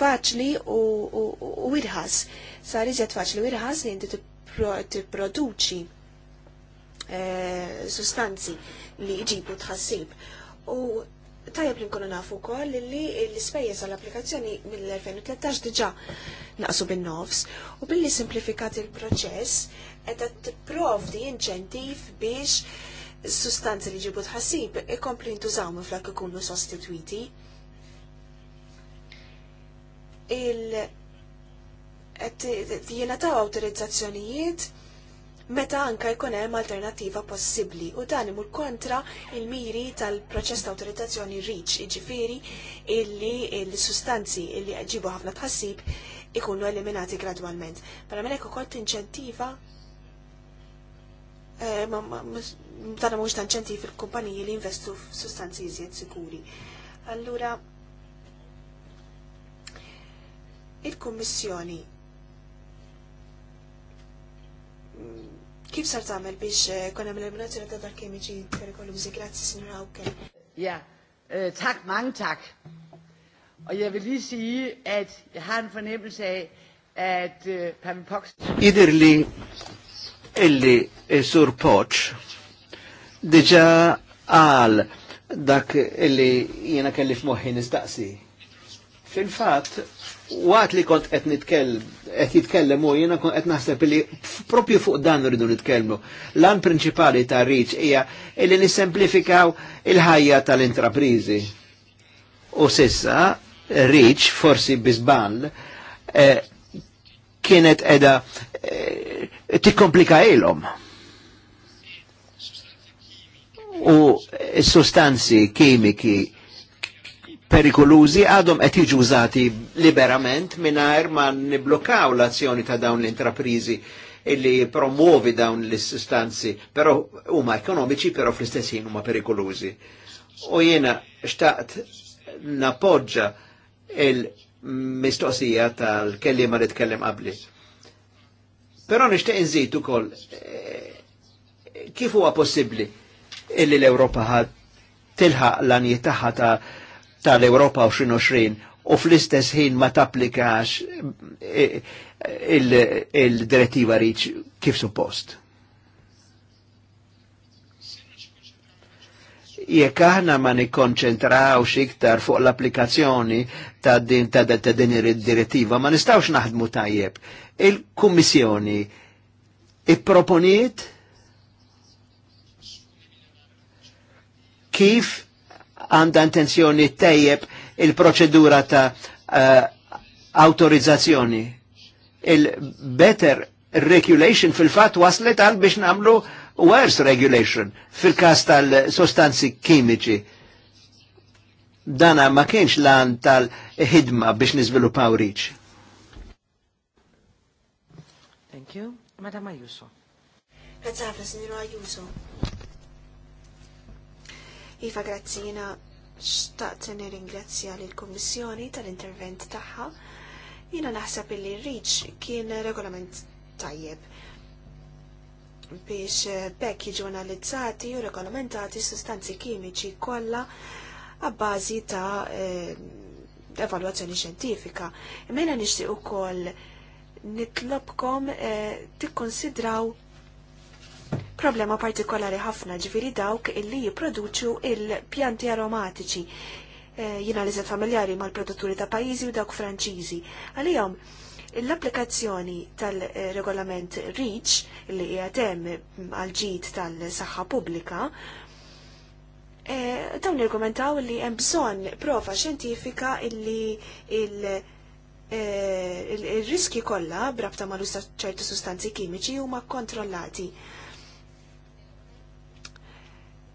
faċli u irħas. Sar iżjed faċli u irħas li inti tipproduċi eh, sustanzi li jġibu tħassib. U tajab li nkunu nafu kol li l-ispejjeż għall-applikazzjoni mill-2013 diġa naqsu bin-nofs u billi simplifikat il-proċess qed t-provdi inċentiv biex sustanzi li ġibu tħassib ikompli ntużaw flak ikunu sostituiti. Il- jena ta' autorizzazzjonijiet meta anka jkun hemm alternattiva possibbli u dan imur kontra il-miri tal-proċess ta' autorizzazzjoni riċ, jiġifieri illi l-sustanzi illi ġibu ħafna tħassib ikunu eliminati gradwalment. Para minn hekk ukoll tinċentiva eh, dan mhux ta' inċentiv il-kumpaniji li jinvestu f'sustanzi iżjed sikuri. Allura, il-Kummissjoni Kif sar tagħmel biex eh, konna mill-eliminazzjoni ta' dak kemiċi bżi Grazzi, Signora Hawken. Ja, eh, tak, mang tak. Og jeg vil lige sige, at jeg har en fornemmelse af, at øh, Pamela Pox... Iderli, illi sur Poch, diġa għal dak illi jena kelli f'moħħi istaqsi. Fil-fat, waqt li kont qed nitkellem qed jitkellem u jiena kont qed naħseb li propju fuq dan rridu nitkellmu. L-an prinċipali ta' Reach hija li nissemplifikaw il-ħajja tal-intraprizi. U sissa Reach forsi biżball eh, kienet edha eh, tikkomplika ilhom. U s-sustanzi kimiki perikolużi għadhom qed jiġu użati liberament mingħajr ma nibblokkaw l-azzjoni ta' dawn l-intraprizi illi promuovi dawn l-istanzi, però huma ekonomiċi però fl-istess ħin huma perikolużi. U jiena xtaqt napoġġa il-mistoqsija tal-kellima li tkellem qabli. Però nixtieq inżid ukoll eh, kif huwa possibbli illi l-Ewropa tilħaq l-anijiet tagħha ta' tal-Europa 2020 u fl-istess ħin ma tapplikax eh, eh, il-direttiva riċ kif suppost. Jekk aħna ma nikkonċentrawx iktar fuq l-applikazzjoni ta' din ta' din id-direttiva ma nistawx naħdmu tajjeb. Il-Kummissjoni ipproponiet kif għandha intenzjoni tejjeb il-proċedura ta' uh, autorizzazzjoni. Il-better regulation fil-fat waslet għal biex namlu worse regulation fil-kas tal-sostanzi kimiċi. Dana ma kienx lan tal-ħidma biex nizvilupaw riċ. Thank you. Madam Ayuso. Grazie, signora Ayuso. Iva grazzi jena xtaqt nirringrazzja l kummissjoni tal-intervent tagħha. Jina naħseb illi reach kien regolament tajjeb biex eh, bekk ġurnalizzati u regolamentati sustanzi kimiċi kollha għabbażi ta' eh, evalwazzjoni xjentifika. Mela nixtieq ukoll nitlobkom eh, tikkonsidraw problema partikolari ħafna ġifiri dawk illi jipproduċu il-pjanti aromatiċi eh, jina li familjari mal-produtturi ta' pajizi u dawk franċizi. Għalijom, l-applikazzjoni tal-regolament REACH li jgħatem għal-ġid tal-saxħa publika eh, dawn argumentaw li hemm bżonn prova xjentifika illi eh, il-riski kollha brabta mal ċerti sustanzi kimiċi huma kontrollati.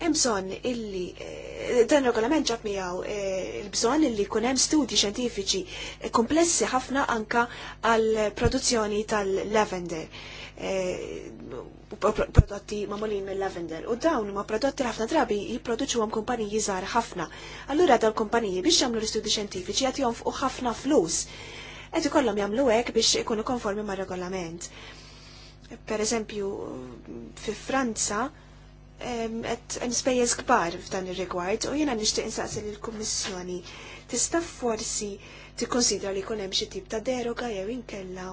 Imson illi eh, dan regolament ġab miegħu eh, il-bżonn illi jkun hemm studji xjentifiċi eh, komplessi ħafna anka għal produzzjoni tal-lavender prodotti mamolin mill-lavender u dawn ma prodotti ħafna drabi jipproduċuhom għom kumpaniji żgħar ħafna. Allura dawn kumpaniji biex jagħmlu l-istudji xjentifiċi qed jonfqu ħafna flus. Qed ikollhom jagħmlu hekk biex ikunu konformi mar-regolament. Per eżempju, fi Franza, qed nispejjeż kbar f'dan ir-rigward u jiena nixtieq insaqsi lill-Kummissjoni tista' forsi tikkonsidra li jkun hemm xi tip ta' deroga jew inkella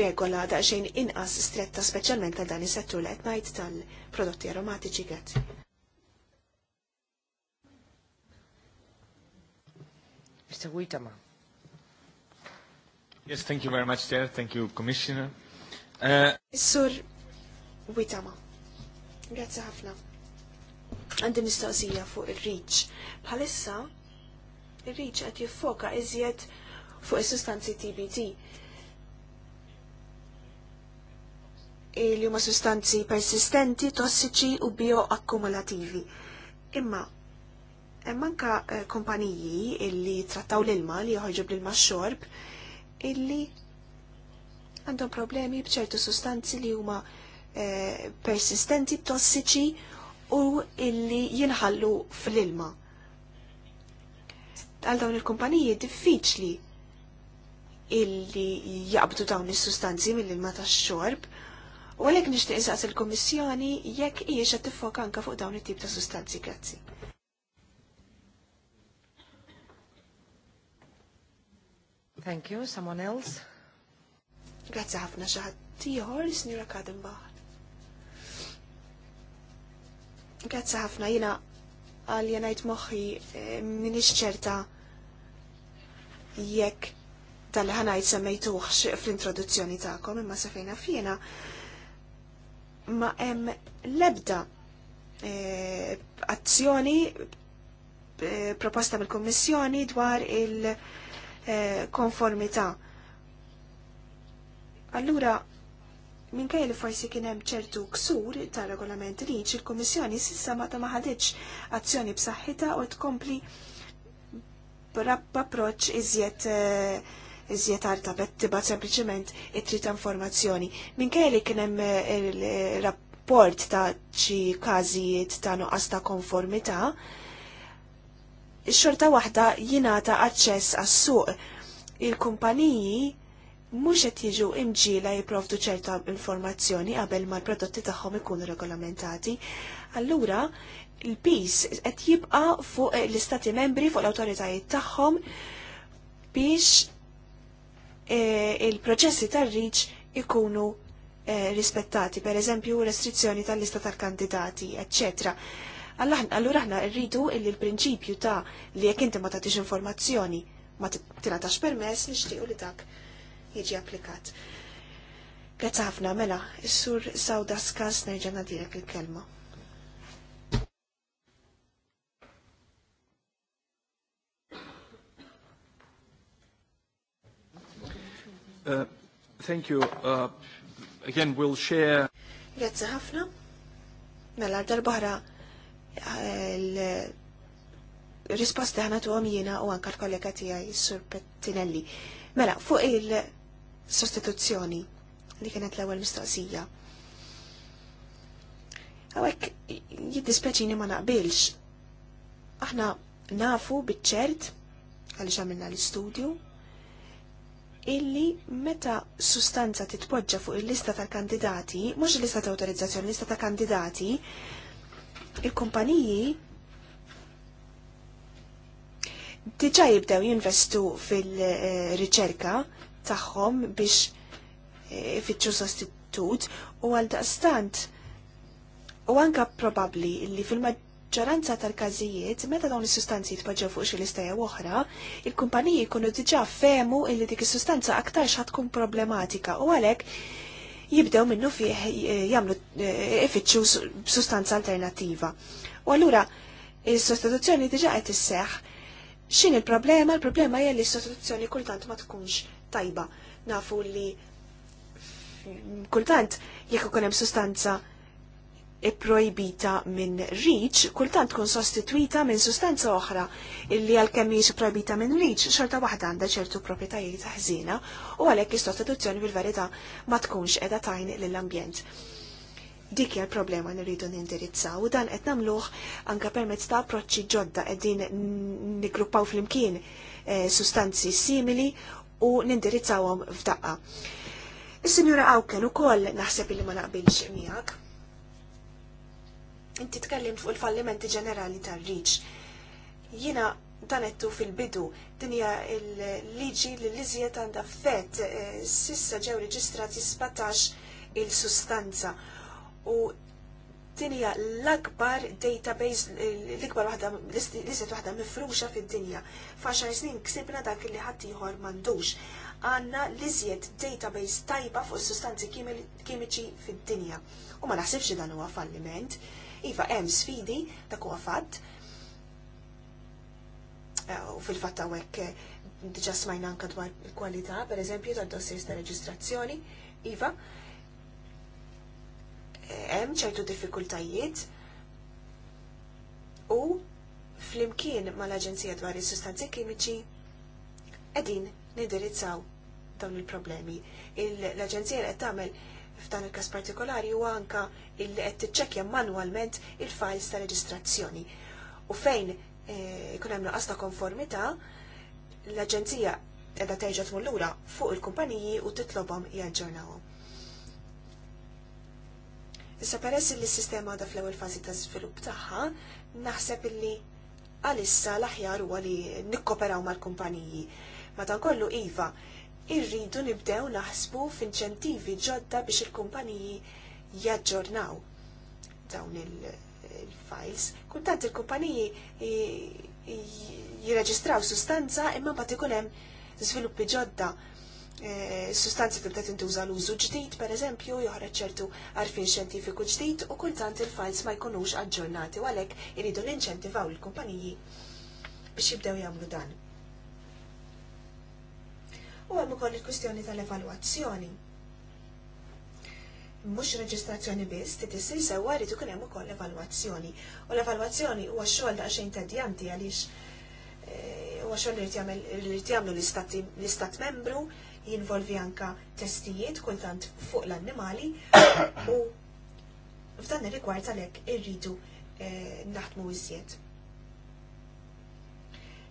regola daqsxejn inqas stretta speċjalment għal dan is-settur li qed ngħid tal-prodotti aromatiċi grazzi. Mr. Huitama. Yes, thank you very much, Chair. Thank you, Commissioner. Uh... Sur Huitama. Grazzi ħafna. Għandi mistoqsija fuq ir-riċ. Bħalissa il riċ qed jiffoka iżjed fuq is-sustanzi TBT. li huma sustanzi persistenti, tossiċi u bioakkumulativi. Imma hemm kompaniji eh, kumpaniji illi trattaw l-ilma li joħorġu bl-ilma xorb illi għandhom problemi bċertu sustanzi li huma Eh, persistenti, tossiċi u illi jinħallu fl-ilma. Għal dawn il-kumpaniji diffiċli illi jaqbdu dawn is-sustanzi mill-ilma tax-xorb u għalhekk nixtieq insaqs il-Kummissjoni jekk hijiex qed tiffoka anke fuq dawn it-tip ta' sustanzi. Grazzi. Thank you. Someone else? Grazzi ħafna xi ħadd ieħor, Sinjura Kadenbach. Grazzi ħafna jina għal jenajt moħi eh, minix ċerta jekk tal ħanajt semmejtuħx fl-introduzzjoni ta'kom imma safejna fjena ma hemm lebda e, azzjoni eh, proposta mill-Kommissjoni dwar il-konformità. E, Allura, Minkej li forsi kien hemm ċertu ksur ta' regolament li il-Kummissjoni sissa ma ta' maħadiċ azzjoni b'saħħitha u tkompli b'approċċ iżjed eh, iżjed arta bettiba sempliċement it-trid informazzjoni. Minkej li kien hemm eh, il-rapport ta' xi każijiet ta' nuqqas ta' konformità, xorta waħda jingħata aċċess għas-suq. Il-kumpaniji mhux qed jiġu imġila jipprovdu ċerta informazzjoni qabel ma l-prodotti tagħhom ikunu regolamentati, allura il-pis qed jibqa' fuq l-istati membri fuq l-awtoritajiet tagħhom biex e, il-proċessi tar-riċ ikunu e, rispettati, per eżempju restrizzjoni tal-lista tal-kandidati, eccetera. Allura aħna rridu illi l-prinċipju ta' li jekk inti ma tagħtix informazzjoni ma tilatax permess nixtiequ li dak jieġi applikat. Grazzi ħafna, mela, is-sur Sawda Skas nerġana nadilek il-kelma. Uh, thank you. Uh, again, we'll share. Grazzi ħafna. Mela, darbaħra eh, l-risposti ħana tu għamjina u għankar kollega tijaj, Sur Pettinelli. Mela, fuq il- sostituzzjoni li kienet l-ewwel mistoqsija. Għawek jiddispeċini ma naqbilx. Aħna nafu bitċert għaliex għamilna l-istudju illi meta sustanza titpoġġa fuq il-lista tal-kandidati, mhux il-lista ta' autorizzazzjoni, lista ta' kandidati, il-kumpaniji diġa jibdew jinvestu fil-riċerka tagħhom biex eh, ifittxu sostitut u għal daqstant u anka probabbli li fil-maġġoranza tal-każijiet meta dawn is-sustanzi jitpoġġew fuq xi listejja oħra, il-kumpaniji jkunu diġà fehmu li dik is-sustanza aktarx ħatkun problematika u għalhekk jibdew minnu fih eh, jagħmlu eh, ifittxu sustanza alternattiva. U allura il-sostituzzjoni diġa qed isseħħ Xin il-problema? Il-problema hija li s-sostituzzjoni kultant ma tkunx tajba. Nafu li kultant jekk ikun hemm sustanza ipprojbita minn riċ, kultant tkun sostituita minn sustanza oħra illi għalkemm hijiex proibita minn riċ, xorta waħda għandha ċertu proprjetajiet ħżina u għalhekk is-sostituzzjoni bil-verità ma tkunx qiegħda tajn lill-ambjent. Dik hija l-problema li rridu nindirizzaw u dan qed nagħmluh anke permezz ta' approċċi ġodda qegħdin nigruppaw flimkien sustanzi simili u nindirizzawhom f'daqqa. Is-Sinjura Awken ukoll naħseb li ma naqbilx miegħek. Inti tkellimt fuq il-fallimenti ġenerali tar-riċ. Jiena dan qedtu fil-bidu din hija l-liġi li l-iżjed għandha fett eh, sissa ġew reġistrati 17 il-sustanza u dinja l-akbar database, l-ikbar wahda, l wahda mifruxa fid-dinja. Faxar snin ksibna dak li ħaddieħor mandux. Għanna l-iżjed database tajba fuq sustanzi kimiċi fid-dinja. U ma naħsibx dan huwa falliment. Iva hemm sfidi dak huwa fatt. U fil-fatt hawnhekk eh, diġà smajna anke dwar il-kwalità, pereżempju tad-dossiers ta' reġistrazzjoni. Iva, hemm ċertu diffikultajiet u flimkien mal-Aġenzija dwar is-sustanzi kimiċi qegħdin nindirizzaw dawn il-problemi. L-Aġenzija qed tagħmel f'dan il-każ partikolari huwa anka il qed tiċċekkja manwalment il-files ta' reġistrazzjoni. U fejn eh, ikun hemm nuqqas ta' konformità, l-Aġenzija qiegħda terġa' tmur lura fuq il-kumpaniji u titlobhom jaġġornawhom. Issa peress li s-sistema għadha fl-ewwel fażi ta' żvilupp tagħha, naħseb illi għalissa l-aħjar huwa li nikkoperaw mal-kumpaniji. Madankollu iva, irridu nibdew naħsbu f'inċentivi ġodda biex il-kumpaniji jaġġornaw dawn il-files. Kultant il-kumpaniji jirreġistraw sustanza imma bat ikun hemm żviluppi ġodda Eh, sustanzi tibda tintuża l-użu ġdid, per eżempju, joħreġ ċertu għarfien xjentifiku ġdid u kultant il-files ma jkunux aġġornati u għalhekk iridu ninċentivaw il-kumpaniji biex jibdew jagħmlu dan. U hemm ukoll il-kwistjoni tal-evalwazzjoni. Mhux reġistrazzjoni biss, trid issir sewwa jrid ikun hemm ukoll evalwazzjoni. U l-evalwazzjoni huwa xogħol daqsxejn tedjanti għaliex eh, huwa xogħol li jagħmlu l-istat membru, jinvolvi anka testijiet kultant fuq l-annimali <coughs> u f'dan ir-rigward għalhekk irridu eh, naħdmu iżjed.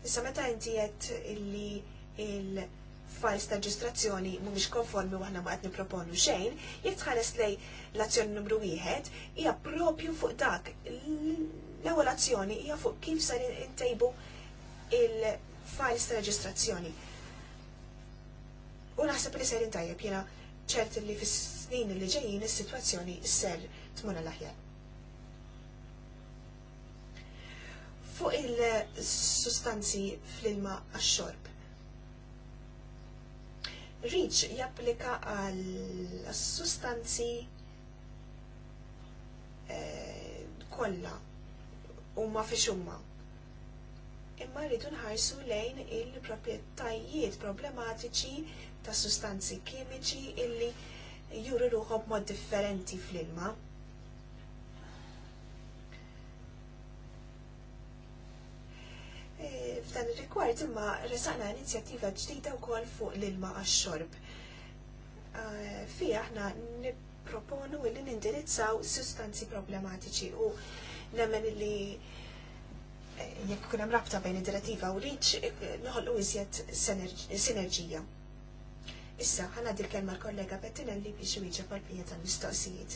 Issa meta inti qed illi il-files ta' reġistrazzjoni mhumiex konformi waħna ma qed nipproponu xejn, jekk tħares lej l-azzjoni numru wieħed hija propju fuq dak l-ewwel azzjoni hija fuq kif se intejbu il-files ta' reġistrazzjoni. U naħseb li sejrin tajjeb jiena ċert li fis-snin li ġejjin is-sitwazzjoni ser tmur l-aħjar. Fuq il-sustanzi fl-ilma għax-xorb. Riċ japplika għal sustanzi eh, kollha huma fi xumma. Imma rridu nħarsu lejn il propietajiet problematiċi ta' sustanzi kimiċi illi juru ruħob mod differenti fl-ilma. E, f'dan ir-rigward imma resana inizjattiva ġdida wkoll fuq l-ilma għax-xorb. E, Fija aħna nipproponu li nindirizzaw sustanzi problematiċi u nemmen illi e, jekk kunem hemm rabta bejn id-direttiva u riċ u iżjed sinerġija. Issa, ħana dir kelma l-kollega Pettinelli biex u iġa pija tal-mistoqsijiet.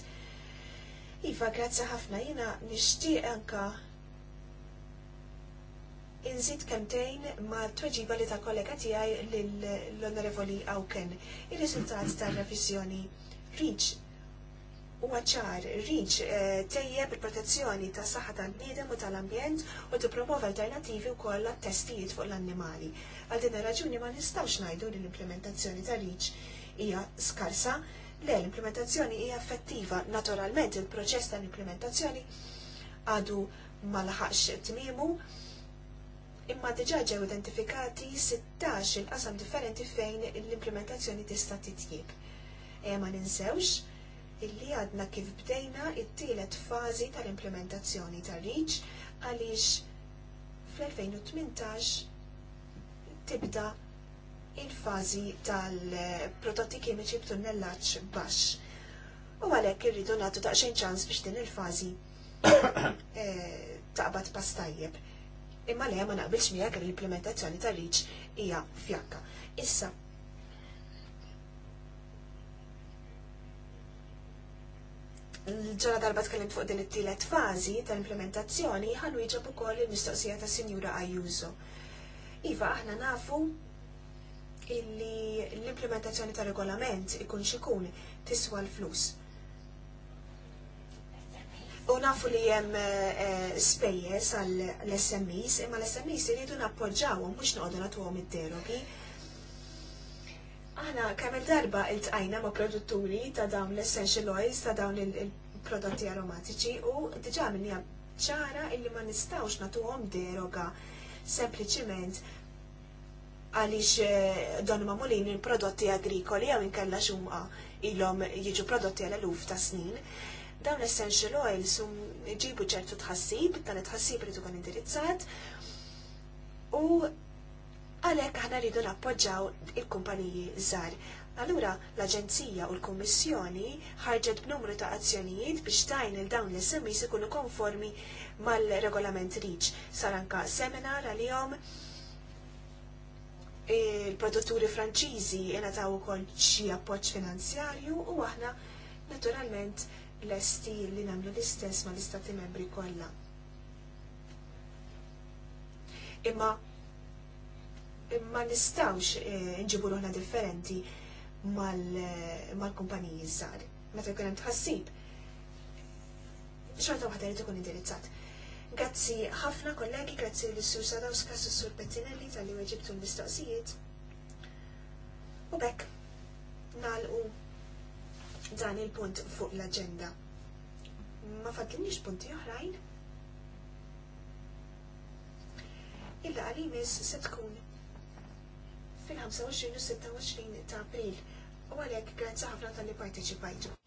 Iva, grazzi ħafna, jina nishti anka inżid kemtejn ma tweġiba li ta' kollega tiegħi l-Onorevoli Awken. Ir-riżultat tar revizjoni Reach waċar riġ eh, tejjeb il-protezzjoni tas saħħa tal-bniedem u tal-ambjent u tippromuova alternativi wkoll testijiet fuq l-annimali. Għal din raġuni ma nistgħux ngħidu li l-implementazzjoni ta' riġ hija skarsa, le l-implementazzjoni hija effettiva. Naturalment il-proċess tal-implementazzjoni għadu ma laħaqx tmiemu imma diġà ġew identifikati 16 il-qasam differenti fejn l-implementazzjoni tista' titjib. E ma ninsewx illi għadna kif bdejna it-tielet fażi tal-implementazzjoni ta' riċ għaliex fl-2018 tibda il-fazi tal-prodotti kimiċi b'tunnellaċ baxx. U għalhekk irridu nagħtu daqsxejn ċans biex din il-fażi <coughs> eh, taqbad pastajjeb. Imma le ma naqbilx miegħek l-implementazzjoni ta' riċ hija fjakka. Issa ġala darba tkellimt fuq din it-tielet fażi tal-implementazzjoni ħallu jiġab ukoll il-mistoqsija ta' Sinjura Ajuso. Iva, aħna nafu illi l-implementazzjoni ta' regolament ikun xikun tiswa l-flus. U nafu li jem eh, eh, spejjes għall-SMEs, imma l-SMEs jridu nappoġġawhom mhux noqogħdu nagħtuhom id-derogi Aħna kemm il darba iltqajna ma' produtturi ta' dawn l-essential oils, ta' dawn il-prodotti aromatiċi u diġà minnija ċara illi ma nistawx natuħom deroga sempliċiment għaliex eh, don mamulin il-prodotti agrikoli għaw inkella xumqa ilhom jiġu prodotti għal eluf ta' snin. Dawn l essential oils um ġibu ċertu tħassib, tal tħassib li tukun indirizzat u Għalhekk aħna rridu nappoġġaw il-kumpaniji żgħar. Allura l-Aġenzija u l-Kummissjoni ħarġet b'numru ta' azzjonijiet biex tajn il dawn l se ikunu konformi mal-regolament Reach. saranka seminar seminar għalihom il-produtturi franċiżi ingħataw ukoll xi appoġġ finanzjarju u aħna naturalment lesti li nagħmlu l-istess mal istati membri kollha. Imma ma nistawx eh, nġibu ruħna differenti eh, mal-kumpaniji żgħar. Meta jkun hemm tħassib, xorta waħda li tukun indirizzat. Grazzi ħafna kollegi, grazzi l sur Sadowska, s-sur Pettinelli tal-li weġibtu l-mistoqsijiet. U bekk, nalqu dan il-punt fuq l-agenda. Ma fadlinix punti oħrajn? Illa għalimis se tkun fil-25 u 26 ta' april. U għalhekk grazzi ħafna tal-li parteċipajtu.